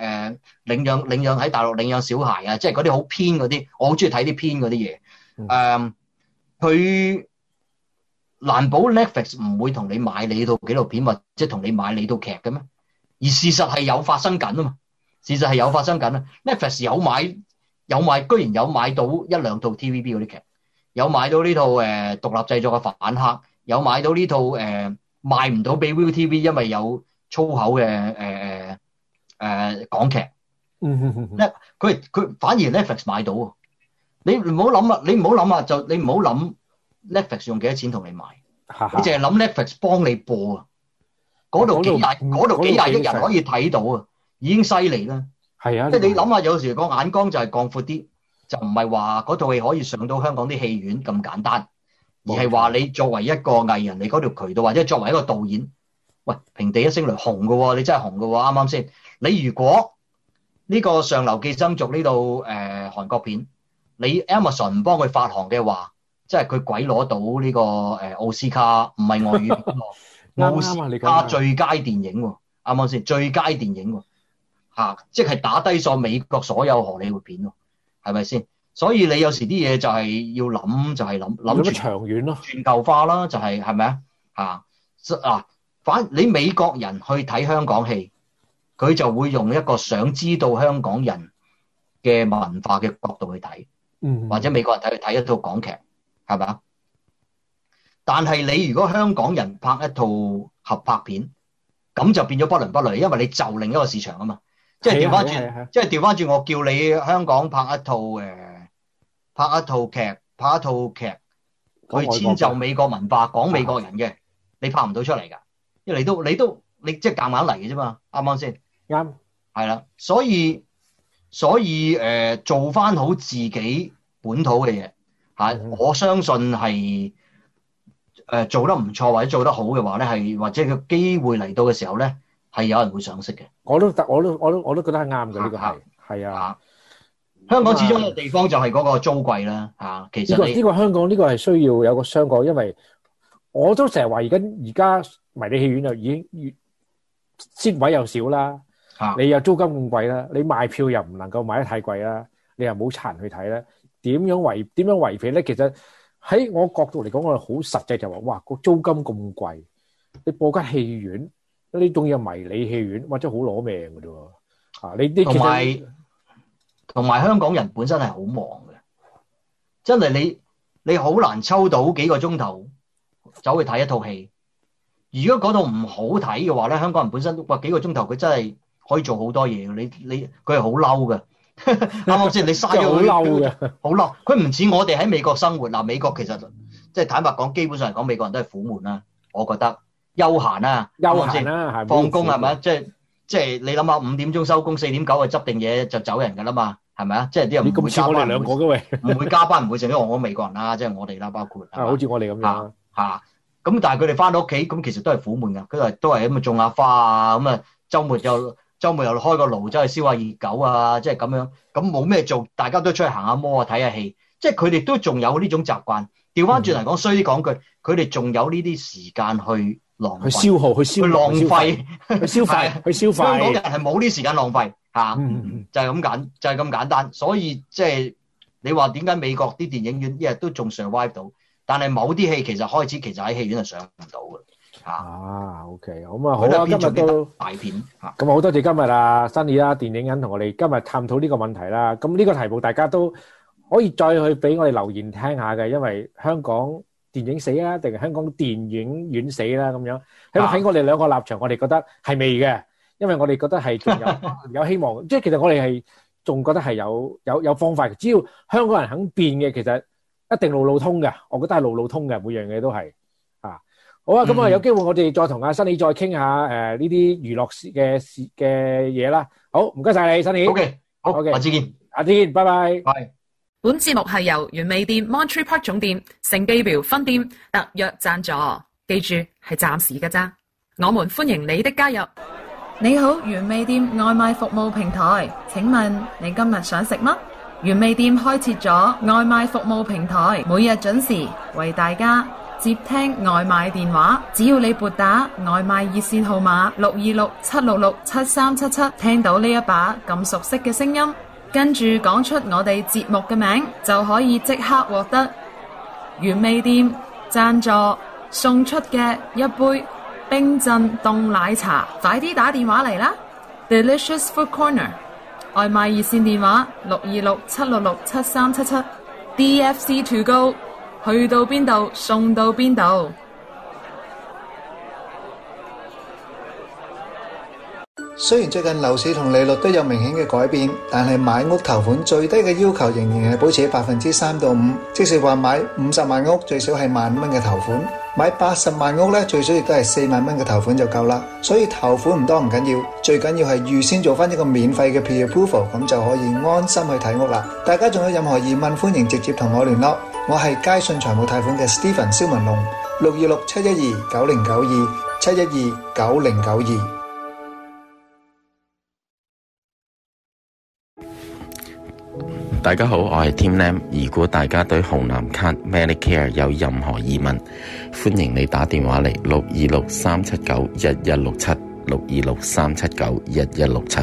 S2: 誒領養領養喺大陸領養小孩啊，即係嗰啲好偏嗰啲，我好中意睇啲偏嗰啲嘢。誒，佢難保 Netflix 唔會同你買你套紀錄片，或即係同你買你套劇嘅咩？而事實係有發生緊啊嘛，事實係有發生緊啊。Netflix 有買有買，居然有買到一兩套 TVB 嗰啲劇，有買到呢套、呃、獨立製作嘅反客，有買到呢套誒、呃、賣唔到俾 ViuTV，因為有粗口嘅港、呃呃、劇。佢佢 <laughs> 反而 Netflix 買到喎，你唔好諗啊，你唔好諗啊，就你唔好諗 Netflix 用幾多錢同你買， <laughs> 你淨係諗 Netflix 幫你播啊。嗰度幾大？嗰度幾大億人可以睇到啊！已經犀利啦。係啊，即係你諗下，有時個眼光就係廣闊啲，就唔係話嗰套戲可以上到香港啲戲院咁簡單，而係話你作為一個藝人，你嗰條渠道，或者作為一個導演，喂，平地一聲雷紅嘅喎、哦，你真係紅嘅喎、哦，啱啱先。你如果呢個《上流寄生族》呢度誒韓國片，你 Amazon 唔幫佢發行嘅話，即係佢鬼攞到呢、這個誒、呃、奧斯卡唔係外語 <laughs> 奧斯卡最佳電影喎，啱唔啱先？最佳電影喎，嚇，即係打低咗美國所有荷里活片咯，係咪先？所以你有時啲嘢就係要諗，就係諗諗住長遠咯，全球化啦，就係係咪啊？嚇，嗱，反你美國人去睇香港戲，佢就會用一個想知道香港人嘅文化嘅角度去睇，嗯，或者美國人睇去睇一套港劇，係咪啊？但係你如果香港人拍一套合拍片，咁就變咗不倫不類，因為你就另一個市場啊嘛，是的即係調翻轉，的即係調翻轉，的我叫你香港拍一套誒，拍一套劇，拍一套劇
S1: 去遷就
S2: 美國文化，講美國人嘅，的你拍唔到出嚟㗎，因為你都你都你即係夾硬嚟嘅啫嘛，啱唔啱先？啱的。係啦，所以所以誒、呃，做翻好自己本土嘅嘢嚇，啊、是的我相信係。誒，做得唔錯或者做得好嘅話咧，係或者個機會嚟到嘅時候咧，係有人會賞識嘅，這個。我都，我都，我都，我都覺得係啱嘅。係係、哎、啊，啊，香港始終個地方就係嗰個租貴啦。吓，其實呢、這個這個
S1: 香港呢個係需要有一個雙軌，因為我都成日話而家而家迷你戲院就已經先位又少啦，你又租金咁貴啦，你賣票又唔能夠買得太貴啦，你又冇人去睇咧，點樣維點樣維皮咧？其實。喺我角度嚟講，我係好實際、就是，就話哇個租金咁貴，你播間戲院，呢種嘢，迷你戲院，或者好攞命噶啫喎！啊，呢啲同埋
S2: 同埋香港人本身係好忙嘅，真係你你好難抽到幾個鐘頭走去睇一套戲。如果嗰套唔好睇嘅話咧，香港人本身哇幾個鐘頭佢真係可以做好多嘢，你你佢係好嬲嘅。啱啱先，你嘥咗好嬲嘅。好咯，佢唔似我哋喺美國生活嗱。美國其實即係坦白講，基本上嚟講，美國人都係苦悶啦、啊。我覺得休閒啦、啊，休閒啦、啊，放工係咪？即係即係你諗下，五點鐘收工，四點九就執定嘢就走人㗎啦嘛。係咪啊？即係啲人唔會加班。唔會加班唔會剩啲我我美國人啦，即係我哋啦，包括好似 <laughs> 吧我哋咁樣嚇。咁、啊，但係佢哋翻到屋企咁，其實都係苦悶㗎。佢哋都係咁啊，種下花啊，咁啊，周末就。周末又開個爐走去燒下熱狗啊，即係咁樣，咁冇咩做，大家都出去行下摩啊，睇下戲，即係佢哋都仲有呢種習慣。調翻轉嚟講，衰啲講句，佢哋仲有呢啲時間去浪，去
S1: 消耗、去消、去浪費、
S2: 去消費、 <laughs> 去消費。香港人係冇呢啲時間浪費嚇、嗯，就係咁簡，就係咁簡單。所以即係你話點解美國啲電影院一日都仲 survive 到，但係某啲戲其實開始其實喺戲院係上唔到㗎。
S1: 啊，OK，好啊，好啊，今日都大片，咁啊，好多謝今日啊，辛尼啦，電影人同我哋今日探討呢個問題啦。咁呢個題目，大家都可以再去俾我哋留言聽下嘅，因為香港電影死啊，定係香港電影院死啦？咁樣喺喺我哋兩個立場，我哋覺得係未嘅，因為我哋覺得係仲有有希望。即係其實我哋係仲覺得係有有有方法。只要香港人肯變嘅，其實一定路路通嘅。我覺得係路路通嘅，每樣嘢都係。好啊，咁啊，有機會我哋再同阿、嗯、和 辛尼再傾下誒呢啲娛樂事嘅事嘅嘢啦。好，唔該晒你，辛尼。O、okay. K，好，O Okay . K，下次見，下次見，拜拜。係。Bye.
S2: 本節目係由原味店 Monterey Park 總店、盛貝維分店特約讚助，記住係暫時嘅咋。我們歡迎你的加入。你好，原味店外賣服務平台，請問你今日想食嗎？原味店開設咗外賣服務平台，每日準時為大家。接聽外賣電話，只要你撥打外賣熱線號碼六二六七六六七三七七，7 7, 聽到呢一把咁熟悉嘅聲音，跟住講出我哋節目嘅名，就可以即刻獲得原味店讚助送出嘅一杯冰鎮凍奶茶。快啲打電話嚟啦！Delicious Food Corner 外賣熱線電話六二六七六六七三七七，DFC Two Go。去到邊度送到邊度？
S1: 雖然最近樓市同利率都有明顯嘅改變，但係買屋頭款最低嘅要求仍然係保持喺百分之三到五，即是話買五十萬屋最少係萬五蚊嘅頭款。買八十萬屋咧，最少亦都係四萬蚊嘅頭款就夠啦，所以頭款唔多唔緊要，最緊要係預先做翻一個免費嘅 pre-approval，咁就可以安心去睇屋啦。大家仲有任何疑問，歡迎直接同我聯絡，我
S2: 係佳信財務貸款嘅 Steven 肖文龍，六二六七一二九零九二七一二九零九二。
S1: 大家好，我係 Tim Lam。如果大家對紅藍卡 Medicare 有任何疑問，歡迎你打電話嚟六二六三七九一一六七六二六三七九一一六七。